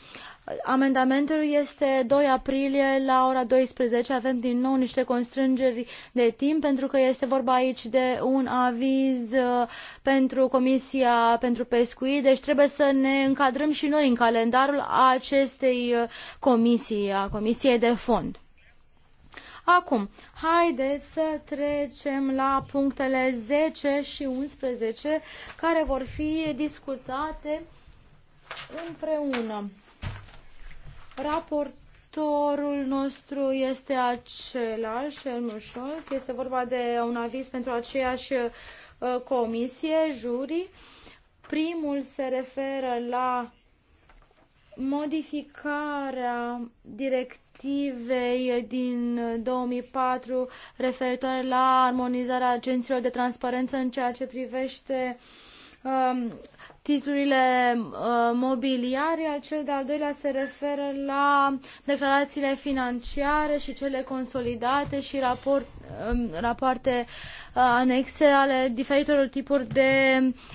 amendamentelor este 2 aprilie la ora 12. Avem din nou niște constrângeri de timp pentru că este vorba aici de un aviz uh, pentru Comisia pentru Pescuit, deci trebuie să ne încadrăm și noi în calendarul acestei comisii, a Comisiei de Fond. Acum, haideți să trecem la punctele 10 și 11 care vor fi discutate împreună. Raportorul nostru este același, Elmul Este vorba de un aviz pentru aceeași uh, comisie, jurii. Primul se referă la modificarea directivei directivei din 2004 referitoare la armonizarea agenților de transparență în ceea ce privește um, titlurile uh, mobiliare, cel de-al doilea se referă la declarațiile financiare și cele consolidate și raport rapoarte uh, anexe ale diferitelor tipuri de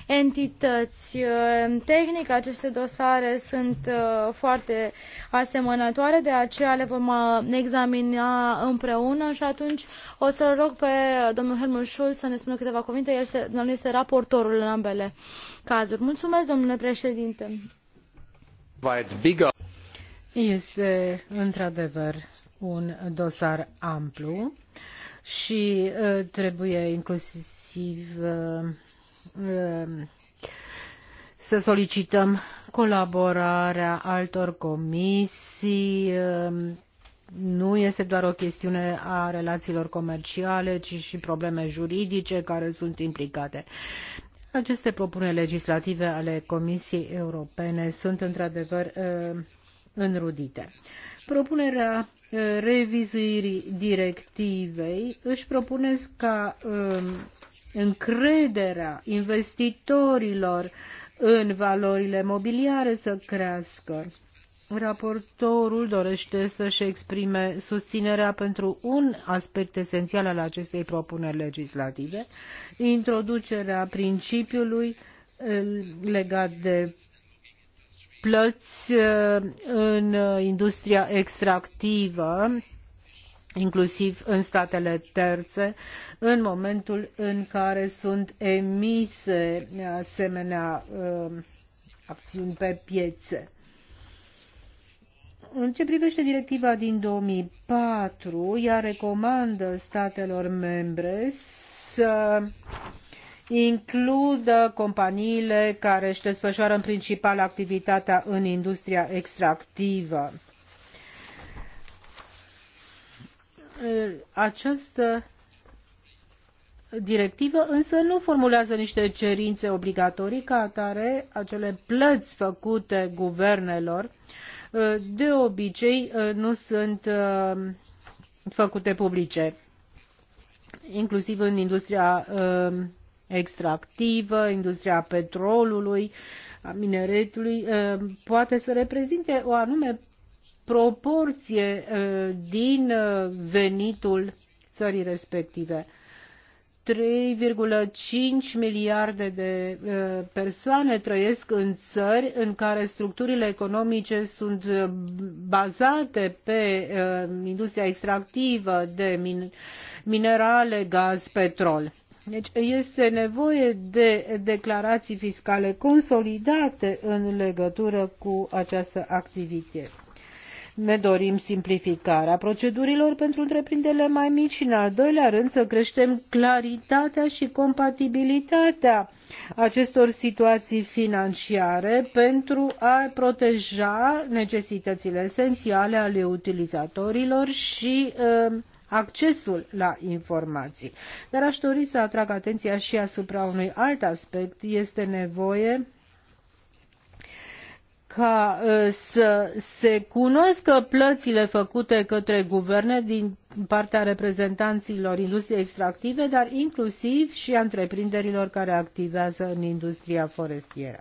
entități. Uh, tehnic, aceste dosare sunt uh, foarte asemănătoare, de aceea le vom examina împreună și atunci o să rog pe domnul Helmut Schulz să ne spună câteva cuvinte. El este, domnul este raportorul în ambele cazuri. Mulțumesc,
domnule președinte. Este într-adevăr un dosar amplu și uh, trebuie inclusiv uh, uh, să solicităm colaborarea altor comisii. Nu este doar o chestiune a relațiilor comerciale, ci și probleme juridice care sunt implicate. Aceste propuneri legislative ale Comisiei Europene sunt într-adevăr înrudite. Propunerea Uh, revizuirii directivei își propune ca um, încrederea investitorilor în valorile mobiliare să crească. Raportorul dorește să-și exprime susținerea pentru un aspect esențial al acestei propuneri legislative, introducerea principiului uh, legat de plăți uh, în uh, industria extractivă, inclusiv în statele terțe, în momentul în care sunt emise asemenea uh, acțiuni pe piețe. În ce privește directiva din 2004, ea recomandă statelor membre să includ companiile care își desfășoară în principal activitatea în industria extractivă. Această directivă însă nu formulează niște cerințe obligatorii ca atare acele plăți făcute guvernelor de obicei nu sunt uh, făcute publice inclusiv în industria uh, extractivă, industria petrolului, a mineretului, uh, poate să reprezinte o anume proporție uh, din uh, venitul țării respective. 3,5 miliarde de persoane trăiesc în țări în care structurile economice sunt bazate pe industria extractivă de minerale, gaz, petrol. Deci este nevoie de declarații fiscale consolidate în legătură cu această activitate. Ne dorim simplificarea procedurilor pentru întreprinderile mai mici și, în al doilea rând, să creștem claritatea și compatibilitatea acestor situații financiare pentru a proteja necesitățile esențiale ale utilizatorilor și uh, accesul la informații. Dar aș dori să atrag atenția și asupra unui alt aspect. Este nevoie ca ă, să se cunoască plățile făcute către guverne din partea reprezentanților industriei extractive, dar inclusiv și a întreprinderilor care activează în industria forestieră.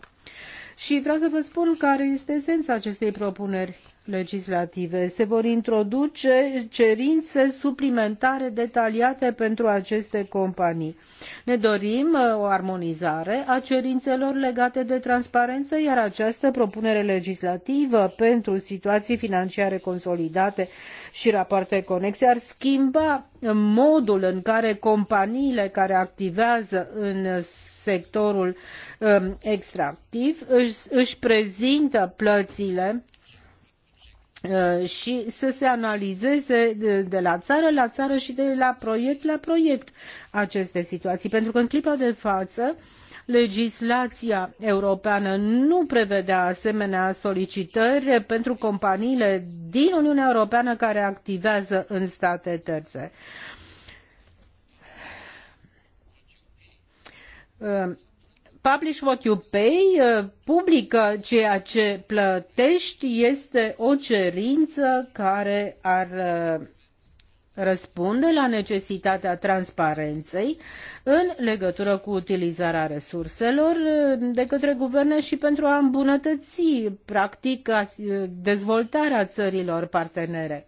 Și vreau să vă spun care este esența acestei propuneri legislative. Se vor introduce cerințe suplimentare detaliate pentru aceste companii. Ne dorim uh, o armonizare a cerințelor legate de transparență, iar această propunere legislativă pentru situații financiare consolidate și rapoarte conexe ar schimba uh, modul în care companiile care activează în sectorul um, extractiv își, își prezintă plățile Eh, și să se analizeze de la țară la țară și de la proiect la proiect aceste situații. Pentru că în clipa de față legislația europeană nu prevedea asemenea solicitări pentru companiile din Uniunea Europeană care activează în state terțe. Eh, publish what you pay, uh, publică ceea ce plătești, este o cerință care ar uh, răspunde la necesitatea transparenței în legătură cu utilizarea resurselor uh, de către guverne și pentru a îmbunătăți, practic, dezvoltarea țărilor partenere.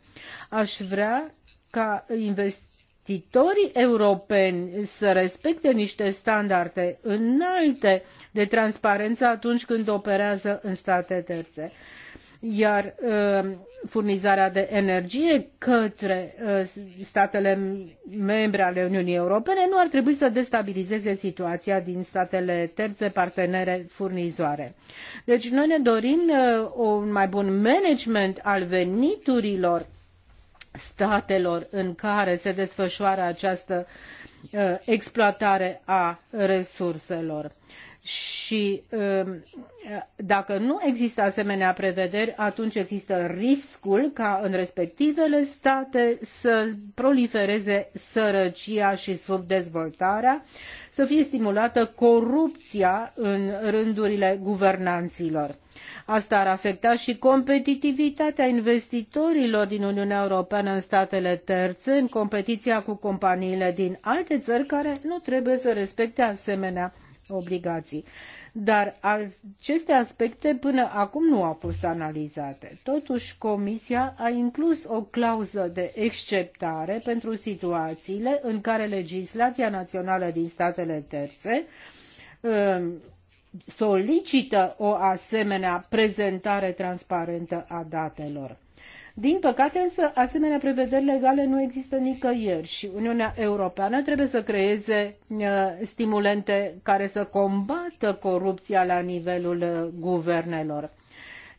Aș vrea ca investiții investitorii europeni să respecte niște standarde înalte de transparență atunci când operează în state terțe. Iar uh, furnizarea de energie către uh, statele membre ale Uniunii Europene nu ar trebui să destabilizeze situația din statele terțe partenere furnizoare. Deci noi ne dorim uh, un mai bun management al veniturilor statelor în care se desfășoară această uh, exploatare a resurselor și um, dacă nu există asemenea prevederi, atunci există riscul ca în respectivele state să prolifereze sărăcia și subdezvoltarea, să fie stimulată corupția în rândurile guvernanților. Asta ar afecta și competitivitatea investitorilor din Uniunea Europeană în statele terțe, în competiția cu companiile din alte țări care nu trebuie să respecte asemenea obligații. Dar aceste aspecte până acum nu au fost analizate. Totuși, Comisia a inclus o clauză de exceptare pentru situațiile în care legislația națională din statele terțe um, solicită o asemenea prezentare transparentă a datelor. Din păcate însă, asemenea prevederi legale nu există nicăieri și Uniunea Europeană trebuie să creeze uh, stimulente care să combată corupția la nivelul uh, guvernelor.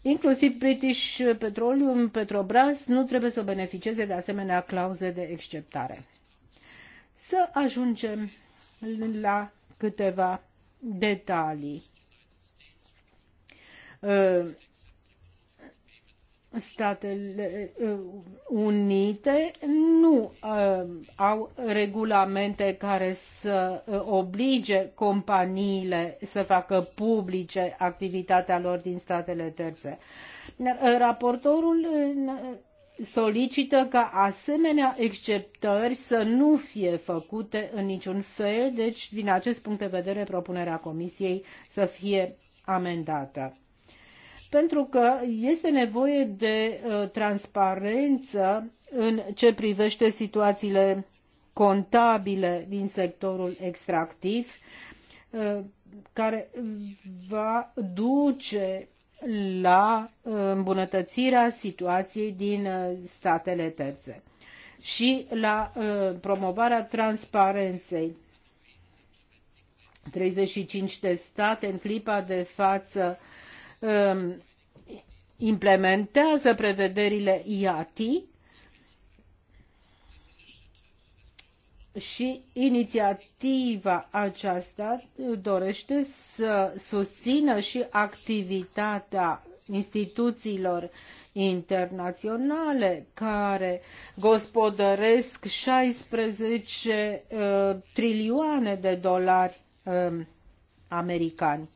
Inclusiv British Petroleum, Petrobras, nu trebuie să beneficieze de asemenea clauze de exceptare. Să ajungem la câteva detalii. Uh, Statele uh, Unite nu uh, au regulamente care să uh, oblige companiile să facă publice activitatea lor din statele terțe. Uh, raportorul solicită ca asemenea exceptări să nu fie făcute în niciun fel, deci din acest punct de vedere propunerea Comisiei să fie amendată pentru că este nevoie de uh, transparență în ce privește situațiile contabile din sectorul extractiv, uh, care va duce la uh, îmbunătățirea situației din statele terțe și la promovarea transparenței. 35 de state în clipa de față uh, Um, implementează prevederile IATI și inițiativa aceasta dorește să susțină și activitatea instituțiilor internaționale care gospodăresc 16 uh, trilioane de dolari uh, americani.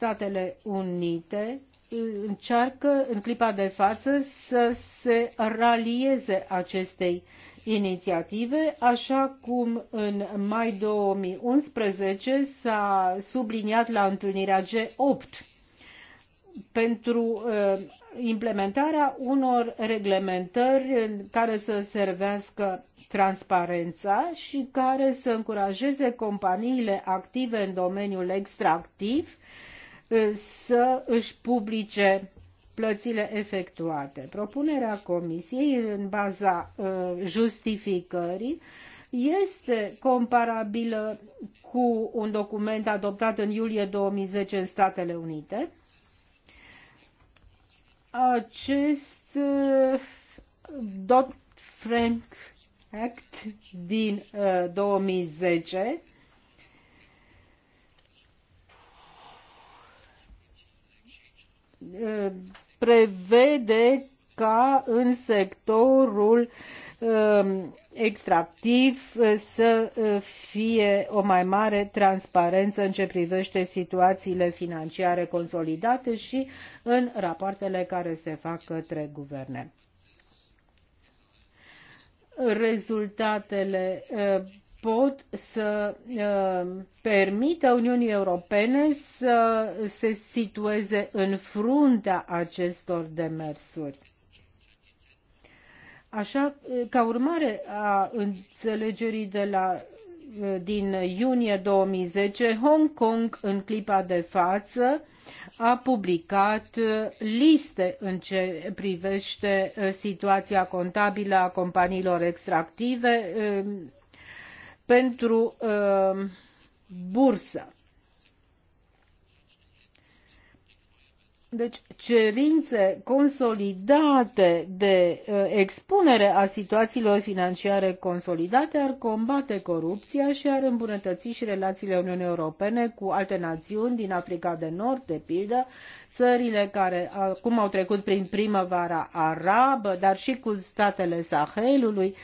Statele Unite uh, încearcă în clipa de față să se ralieze acestei inițiative, așa cum în mai 2011 s-a subliniat la întâlnirea G8 pentru uh, implementarea unor reglementări care să servească transparența și care să încurajeze companiile active în domeniul extractiv uh, să își publice plățile efectuate. Propunerea Comisiei, în baza uh, justificării, este comparabilă cu un document adoptat în iulie 2010 în Statele Unite. Acest uh, Dodd-Frank Act din 2010 uh, prevede ca în sectorul um, extractiv uh, să uh, fie o mai mare transparență în ce privește situațiile financiare consolidate și în rapoartele care se fac către guverne. Rezultatele uh, pot să uh, permită Uniunii Europene să se situeze în fruntea acestor demersuri. Așa, ca urmare a înțelegerii de la, uh, din iunie 2010, Hong Kong, în clipa de față, a publicat uh, liste în ce privește situația contabilă a companiilor extractive pentru uh, bursă. Deci cerințe consolidate de uh, expunere a situațiilor financiare consolidate ar combate corupția și ar îmbunătăți și relațiile Uniunii Europene cu alte națiuni din Africa de Nord, de pildă, țările care acum uh, au trecut prin primăvara arabă, dar și cu statele Sahelului. Uh,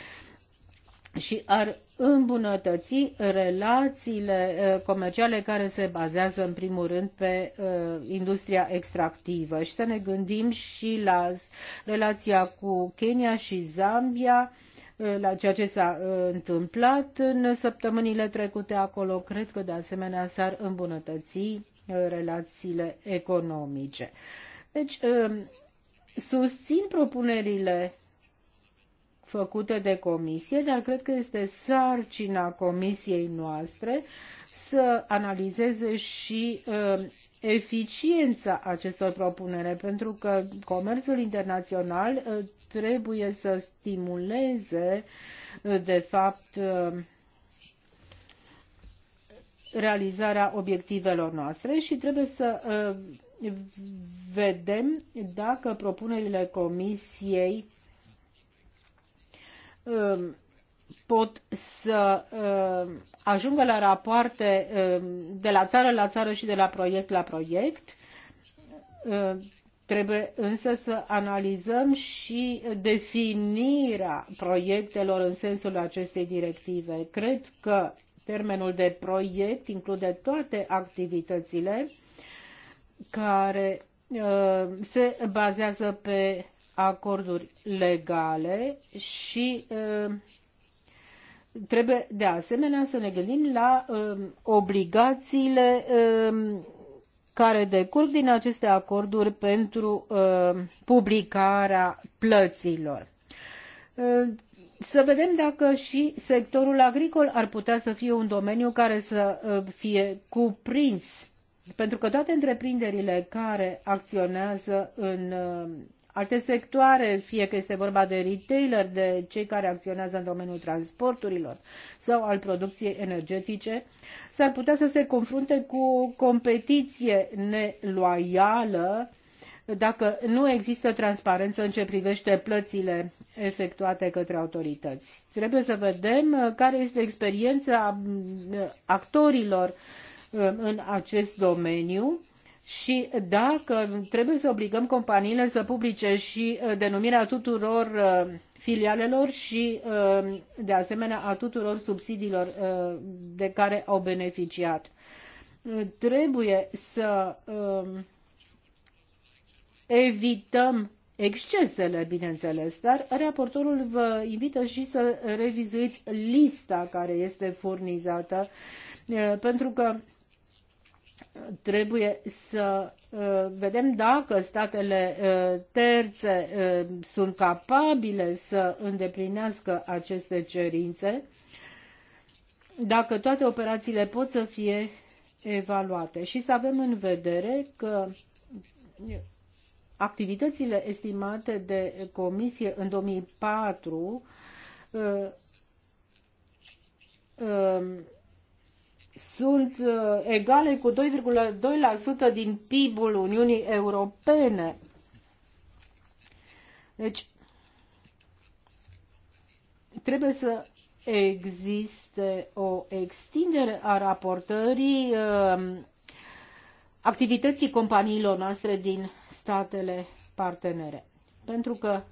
și ar îmbunătăți relațiile uh, comerciale care se bazează în primul rând pe uh, industria extractivă și să ne gândim și la relația cu Kenya și Zambia, uh, la ceea ce s-a întâmplat în săptămânile trecute acolo. Cred că de asemenea s-ar îmbunătăți relațiile economice. Deci, susțin propunerile făcute de comisie, dar cred că este sarcina comisiei noastre să analizeze și uh, eficiența acestor propunere, pentru că comerțul internațional uh, trebuie să stimuleze, uh, de fapt, uh, realizarea obiectivelor noastre și trebuie să uh, vedem dacă propunerile comisiei Um, pot să um, ajungă la rapoarte um, de la țară la țară și de la proiect la proiect. Trebuie însă să analizăm și definirea proiectelor în sensul acestei directive. Cred că termenul de proiect include toate activitățile care uh, se bazează pe acorduri legale și trebuie de asemenea să ne gândim la obligațiile care decurg din aceste acorduri pentru publicarea plăților. Să vedem dacă și sectorul agricol ar putea să fie un domeniu care să fie cuprins pentru că toate întreprinderile care acționează în alte sectoare, fie că este vorba de retailer, de cei care acționează în domeniul transporturilor sau al producției energetice, s-ar putea să se confrunte cu o competiție neloială dacă nu există transparență în ce privește plățile efectuate către autorități. Trebuie să vedem care este experiența actorilor uh, în acest domeniu și dacă trebuie să obligăm companiile să publice și uh, denumirea tuturor uh, filialelor și uh, de asemenea a tuturor subsidiilor de care au beneficiat. Trebuie să um, evităm excesele, bineînțeles, dar raportorul vă invită și să revizuiți lista care este furnizată, pentru că trebuie să uh, vedem dacă statele uh, terțe uh, sunt capabile să îndeplinească aceste cerințe, dacă toate operațiile pot să fie evaluate și să avem în vedere că activitățile estimate de comisie în 2004 sunt uh, egale cu 2,2% din PIB-ul Uniunii Europene. Deci, trebuie să existe o extindere a raportării uh, activității companiilor noastre din statele partenere. Pentru că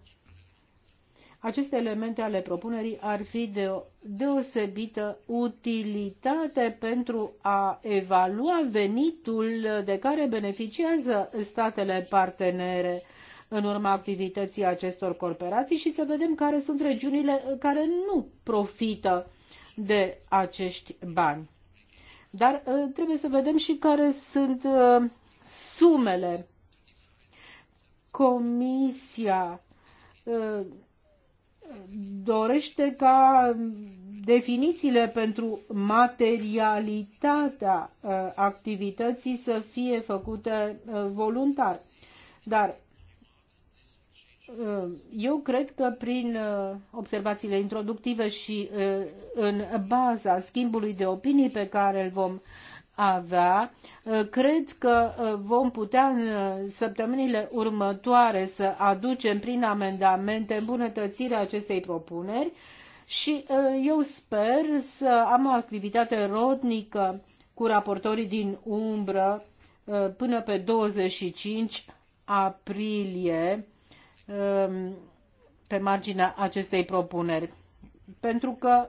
aceste elemente ale propunerii ar fi de o deosebită utilitate pentru a evalua venitul de care beneficiază statele partenere în urma activității acestor corporații și să vedem care sunt regiunile care nu profită de acești bani. Dar uh, trebuie să vedem și care sunt uh, sumele. Comisia uh, dorește ca definițiile pentru materialitatea uh, activității să fie făcute uh, voluntar. Dar uh, eu cred că prin observațiile introductive și în baza schimbului de opinii pe care îl vom avea, uh, cred că uh, vom putea în uh, săptămânile următoare să aducem prin amendamente îmbunătățirea acestei propuneri și eu sper să am o activitate rodnică cu raportorii din umbră până pe 25 aprilie um, pe marginea acestei propuneri. Pentru că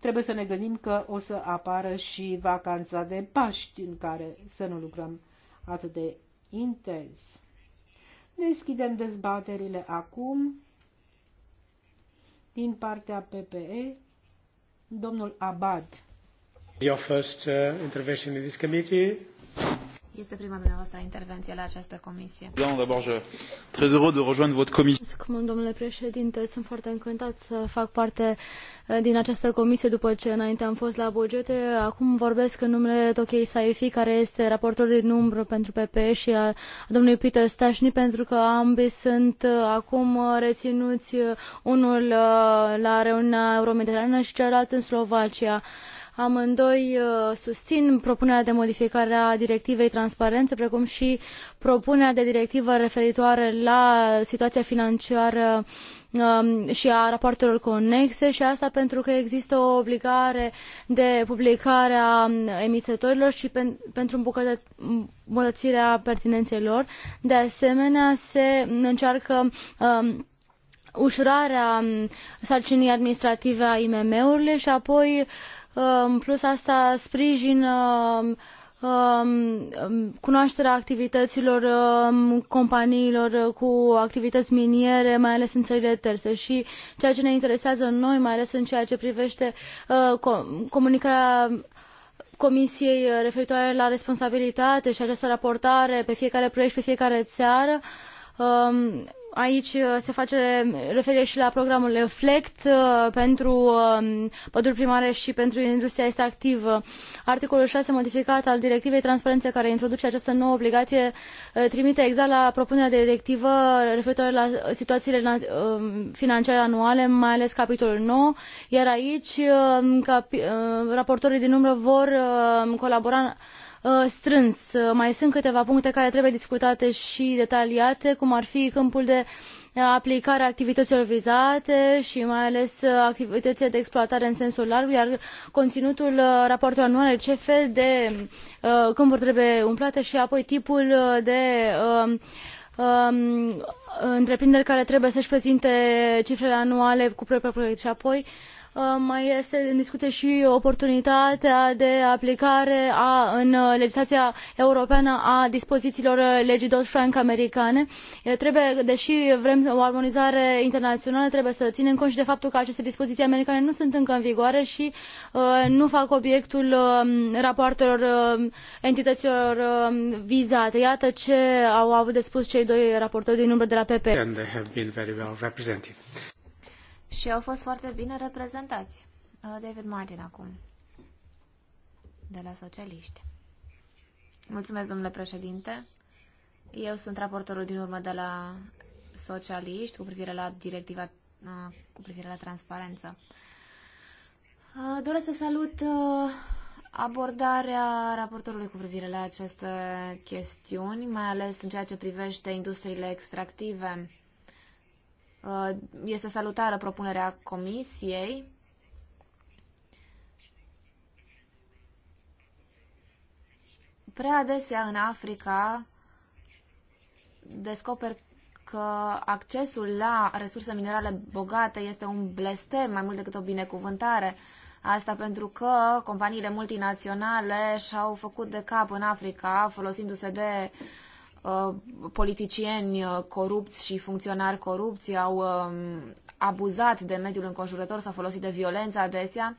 trebuie să ne gândim că o să apară și vacanța de Paști în care să nu lucrăm atât de intens. Deschidem dezbaterile acum din partea PPE, domnul Abad.
Your first uh, intervention in this committee. Este prima dumneavoastră intervenție la această comisie. Mulțumesc, domnule președinte.
Sunt foarte încântat să fac parte eh, din această comisie după ce înainte am fost la bugete. Acum vorbesc în numele Tokei Saifi, care este raportor din umbră pentru PP și a domnului Peter Stașni, pentru că ambii sunt eh, acum eh, reținuți unul la reuniunea euromediterană și celălalt în Slovacia. Amândoi uh, susțin propunerea de modificare a directivei transparență, precum și propunerea de directivă referitoare la situația financiară um, și a rapoartelor conexe și asta pentru că există o obligare de publicare a emițătorilor și pen, pentru îmbunătățirea pertinenței lor. De asemenea, se încearcă um, ușurarea um, sarcinii administrative a IMM-urilor și apoi în plus asta sprijin um, um, cunoașterea activităților um, companiilor cu activități miniere, mai ales în țările terțe și ceea ce ne interesează noi, mai ales în ceea ce privește uh, comunicarea Comisiei referitoare la responsabilitate și această raportare pe fiecare proiect, pe fiecare țară, Aici uh, se face referire și la programul FLECT uh, pentru um, păduri primare și pentru industria este activă. Articolul 6 modificat al directivei transparențe care introduce această nouă obligație uh, trimite exact la propunerea de directivă referitoare la situațiile um, financiare anuale, mai ales capitolul 9, iar aici um, raportorii din umbră vor colabora Uh, strâns. Uh, mai sunt câteva puncte care trebuie discutate și detaliate, cum ar fi câmpul de uh, aplicare a activităților vizate și mai ales activitățile de exploatare în sensul larg, iar conținutul raportului anual, ce fel de câmpuri trebuie umplate și apoi tipul de um, um, întreprinderi care trebuie să-și prezinte cifrele anuale cu propriul proiect și apoi uh, Uh, mai este în discuție și oportunitatea de aplicare a, în uh, legislația europeană a dispozițiilor uh, legii Dodd-Frank americane. Trebuie, deși vrem o armonizare internațională, trebuie să ținem cont și de faptul că aceste dispoziții americane nu sunt încă în vigoare și nu fac obiectul um, rapoartelor um, entităților um, vizate. Iată ce au avut de spus cei doi raportori din umbră de la PP
și au fost foarte bine reprezentați. Uh, David Martin acum, de la Socialiști. Mulțumesc, domnule președinte. Eu sunt raportorul din urmă de la Socialiști cu privire la directiva uh, cu privire la transparență. Uh, doresc să salut abordarea raportorului cu privire la aceste chestiuni, mai ales în ceea ce privește industriile extractive. Uh, este salutară propunerea comisiei. Prea adesea în Africa descoper că accesul la resurse minerale bogate este un blestem mai mult decât o binecuvântare. Asta pentru că companiile multinaționale și-au făcut de cap în Africa folosindu-se de uh, Uh, politicieni uh, corupți și funcționari corupți au um, abuzat de mediul înconjurător, s-au folosit de violență adesea.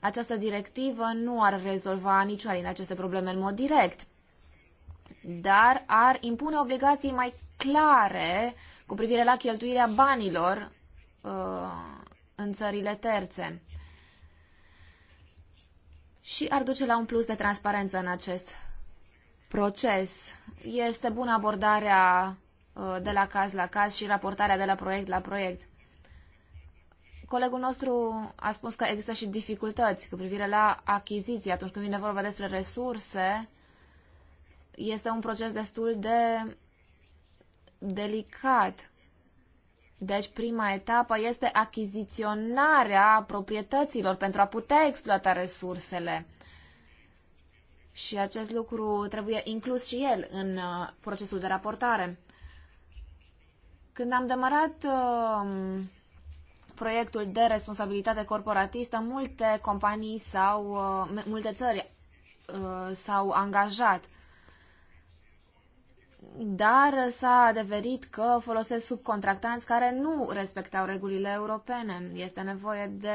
Această directivă nu ar rezolva niciuna din aceste probleme în mod direct, dar ar impune obligații mai clare cu privire la cheltuirea banilor uh, în țările terțe și ar duce la un plus de transparență în acest proces. Este bună abordarea uh, de la caz la caz și raportarea de la proiect la proiect. Colegul nostru a spus că există și dificultăți cu privire la achiziții atunci când vine vorba despre resurse. Este un proces destul de delicat. Deci prima etapă este achiziționarea proprietăților pentru a putea exploata resursele și acest lucru trebuie inclus și el în uh, procesul de raportare. Când am demarat um, proiectul de responsabilitate corporatistă, multe companii sau uh, multe țări uh, s-au angajat. Dar s-a adeverit că folosesc subcontractanți care nu respectau regulile europene. Este nevoie de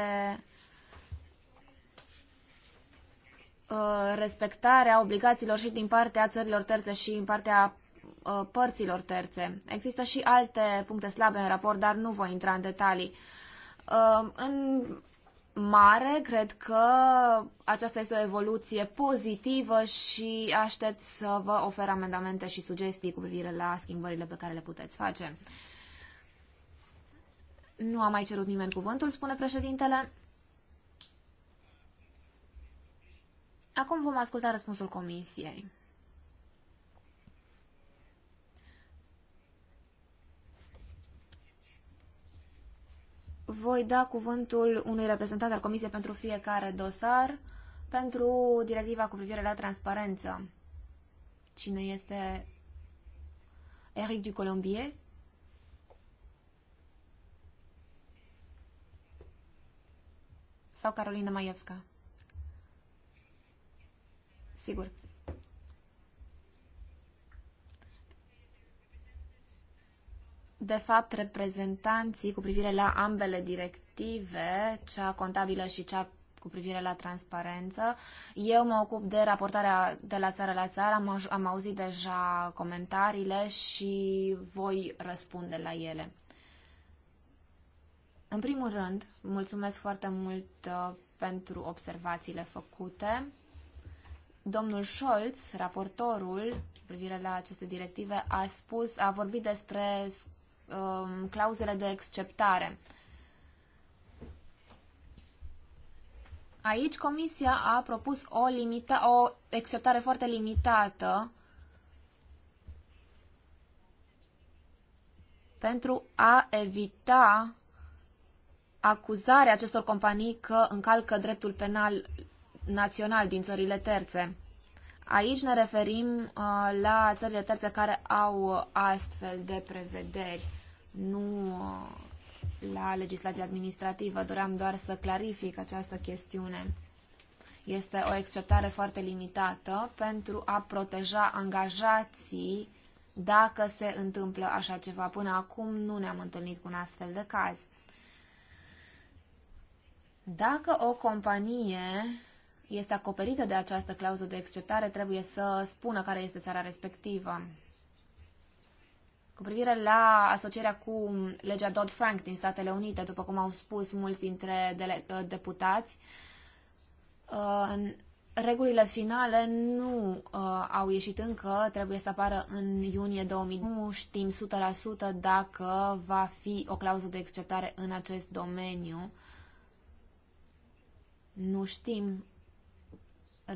Uh, respectarea obligațiilor și din partea țărilor terțe și din partea uh, părților terțe. Există și alte puncte slabe în raport, dar nu voi intra în detalii. Uh, în mare, cred că aceasta este o evoluție pozitivă și aștept să vă ofer amendamente și sugestii cu privire la schimbările pe care le puteți face. Nu a mai cerut nimeni cuvântul, spune președintele. Acum vom asculta răspunsul comisiei. Voi da cuvântul unui reprezentant al comisiei pentru fiecare dosar pentru directiva cu privire la transparență. Cine este Eric du Colombier? Sau Carolina Maievska? sigur. De fapt, reprezentanții cu privire la ambele directive, cea contabilă și cea cu privire la transparență. Eu mă ocup de raportarea de la țară la țară, am, am auzit deja comentariile și voi răspunde la ele. În primul rând, mulțumesc foarte mult uh, pentru observațiile făcute. Domnul Scholz, raportorul cu privire la aceste directive, a spus, a vorbit despre um, clauzele de exceptare. Aici Comisia a propus o, limita, o exceptare foarte limitată pentru a evita acuzarea acestor companii că încalcă dreptul penal național din țările terțe. Aici ne referim uh, la țările terțe care au astfel de prevederi, nu uh, la legislația administrativă. Doream doar să clarific această chestiune. Este o exceptare foarte limitată pentru a proteja angajații dacă se întâmplă așa ceva. Până acum nu ne-am întâlnit cu un astfel de caz. Dacă o companie este acoperită de această clauză de exceptare, trebuie să spună care este țara respectivă. Cu privire la asocierea cu legea Dodd-Frank din Statele Unite, după cum au spus mulți dintre ă, deputați, ă, regulile finale nu ă, au ieșit încă, trebuie să apară în iunie 2000. Nu știm 100% dacă va fi o clauză de exceptare în acest domeniu. Nu știm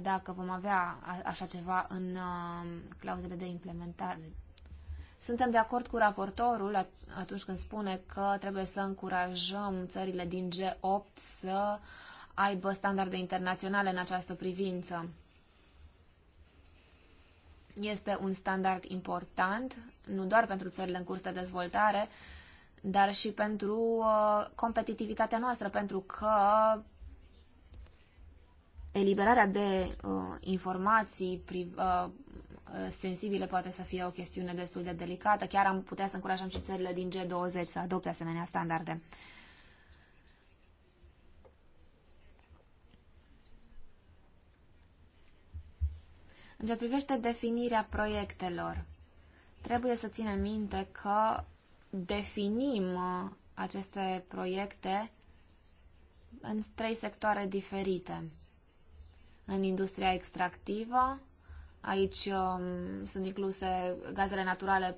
dacă vom avea așa ceva în uh, clauzele de implementare. Suntem de acord cu raportorul atunci când spune că trebuie să încurajăm țările din G8 să aibă standarde internaționale în această privință. Este un standard important, nu doar pentru țările în curs de dezvoltare, dar și pentru uh, competitivitatea noastră, pentru că eliberarea de uh, informații pri, uh, uh, sensibile poate să fie o chestiune destul de delicată. Chiar am putea să încurajăm și țările din G20 să adopte asemenea standarde. În ce privește definirea proiectelor, trebuie să ținem minte că definim uh, aceste proiecte în trei sectoare diferite în industria extractivă. Aici um, sunt incluse gazele naturale,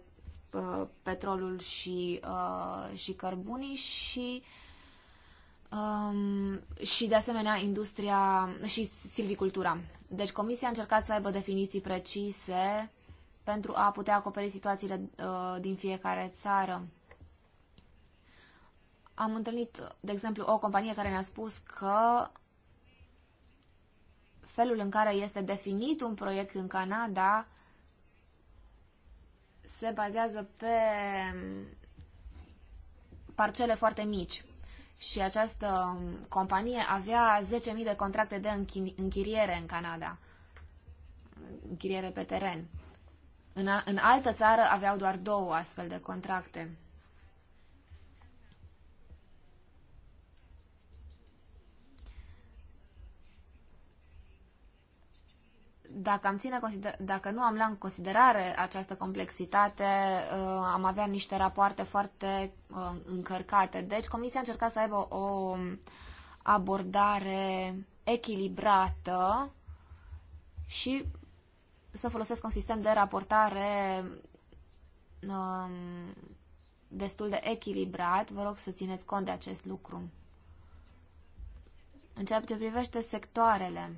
uh, petrolul și, uh, și cărbunii și um, și de asemenea industria și silvicultura. Deci comisia a încercat să aibă definiții precise pentru a putea acoperi situațiile uh, din fiecare țară. Am întâlnit, de exemplu, o companie care ne-a spus că felul în care este definit un proiect în Canada se bazează pe parcele foarte mici. Și această companie avea 10.000 de contracte de închiriere în Canada, închiriere pe teren. În, în altă țară aveau doar două astfel de contracte. dacă, am ține consider- dacă nu am luat în considerare această complexitate, uh, am avea niște rapoarte foarte uh, încărcate. Deci Comisia a încercat să aibă o abordare echilibrată și să folosesc un sistem de raportare um, destul de echilibrat. Vă rog să țineți cont de acest lucru. În ceea ce privește sectoarele,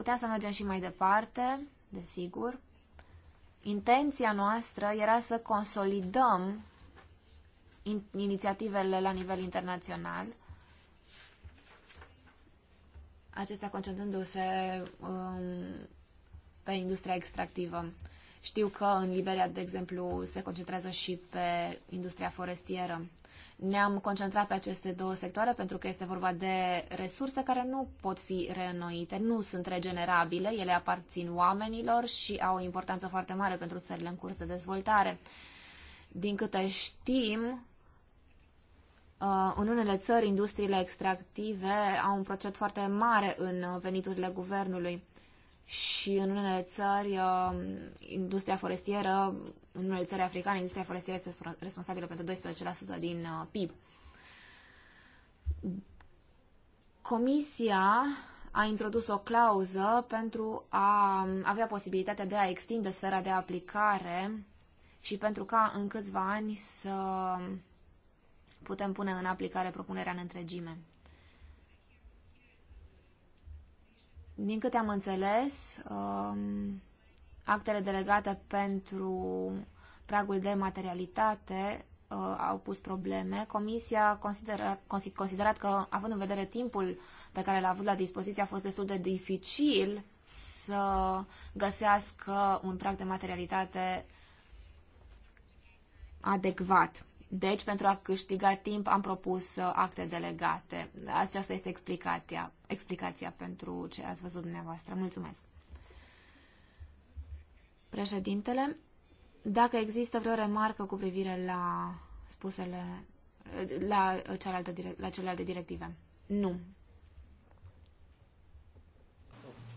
Putea să mergem și mai departe, desigur. Intenția noastră era să consolidăm in, inițiativele la nivel internațional, acestea concentrându-se um, pe industria extractivă. Știu că în Liberia, de exemplu, se concentrează și pe industria forestieră. Ne-am concentrat pe aceste două sectoare pentru că este vorba de resurse care nu pot fi reînnoite, nu sunt regenerabile, ele aparțin oamenilor și au o importanță foarte mare pentru țările în curs de dezvoltare. Din câte știm, uh, în unele țări, industriile extractive au un procent foarte mare în veniturile guvernului și în unele țări, um, industria forestieră, în unele țări africane, industria forestieră este responsabilă pentru 12% din uh, PIB. Comisia a introdus o clauză pentru a um, avea posibilitatea de a extinde sfera de aplicare și pentru ca în câțiva ani să putem pune în aplicare propunerea în întregime. Din câte am înțeles, um, actele delegate pentru pragul de materialitate uh, au pus probleme. Comisia considera, considerat că, având în vedere timpul pe care l-a avut la dispoziție, a fost destul de dificil să găsească un prag de materialitate adecvat. Deci, pentru a câștiga timp, am propus uh, acte delegate. Aceasta este explicația, explicația pentru ce ați văzut dumneavoastră. Mulțumesc. Președintele, dacă există vreo remarcă cu privire la spusele, la cealaltă la celelalte directive. Nu.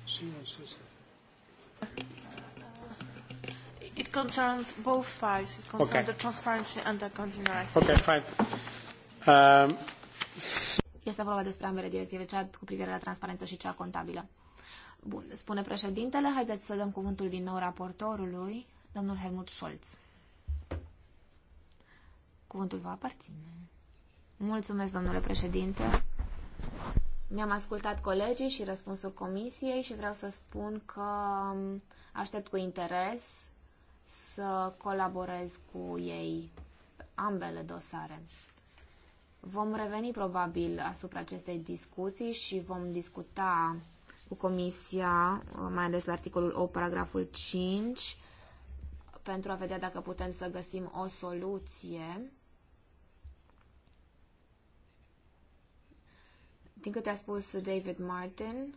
Oh, sí, It concerns both files. It concerns okay. the transparency and the continuity. Okay,
fine. Um,
este vorba despre ambele directive, cea cu privire la transparență și cea contabilă. Bun, spune președintele, haideți să dăm cuvântul din nou raportorului, domnul Helmut Scholz. Cuvântul vă aparține. Mulțumesc, domnule președinte. Mi-am ascultat colegii și răspunsul comisiei și vreau să spun că aștept cu interes să colaborez cu ei ambele dosare. Vom reveni probabil asupra acestei discuții și vom discuta cu comisia, mai ales la articolul 8, paragraful 5, pentru a vedea dacă putem să găsim o soluție. Din câte a spus David Martin,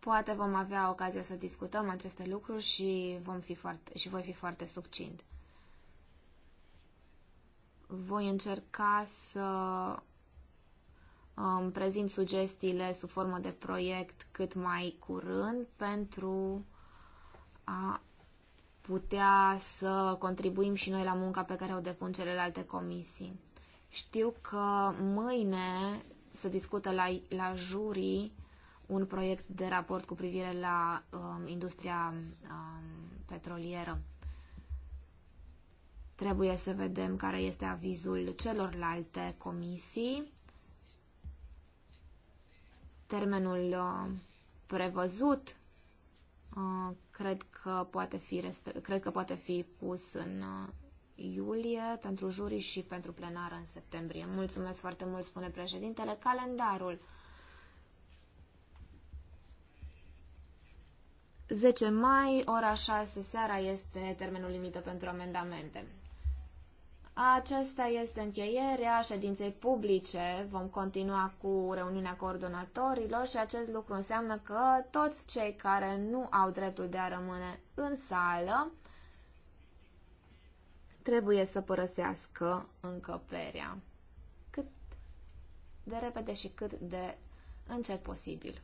Poate vom avea ocazia să discutăm aceste lucruri și, vom fi foarte, și voi fi foarte succint. Voi încerca să um, prezint sugestiile sub formă de proiect cât mai curând pentru a putea să contribuim și noi la munca pe care o depun celelalte comisii. Știu că mâine se discută la, la jurii un proiect de raport cu privire la um, industria um, petrolieră. Trebuie să vedem care este avizul celorlalte comisii. Termenul uh, prevăzut uh, cred că poate fi, cred că poate fi pus în uh, iulie pentru jurii și pentru plenară în septembrie. Mulțumesc foarte mult, spune președintele. Calendarul uh, 10 mai, ora 6 seara este termenul limită pentru amendamente. Aceasta este încheierea ședinței publice. Vom continua cu reuniunea coordonatorilor și acest lucru înseamnă că toți cei care nu au dreptul de a rămâne în sală trebuie să părăsească încăperea cât de repede și cât de încet posibil.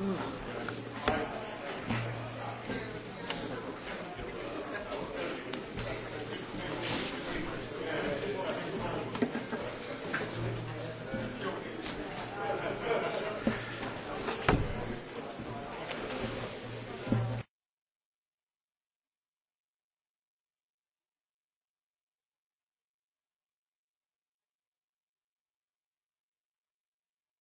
Mm.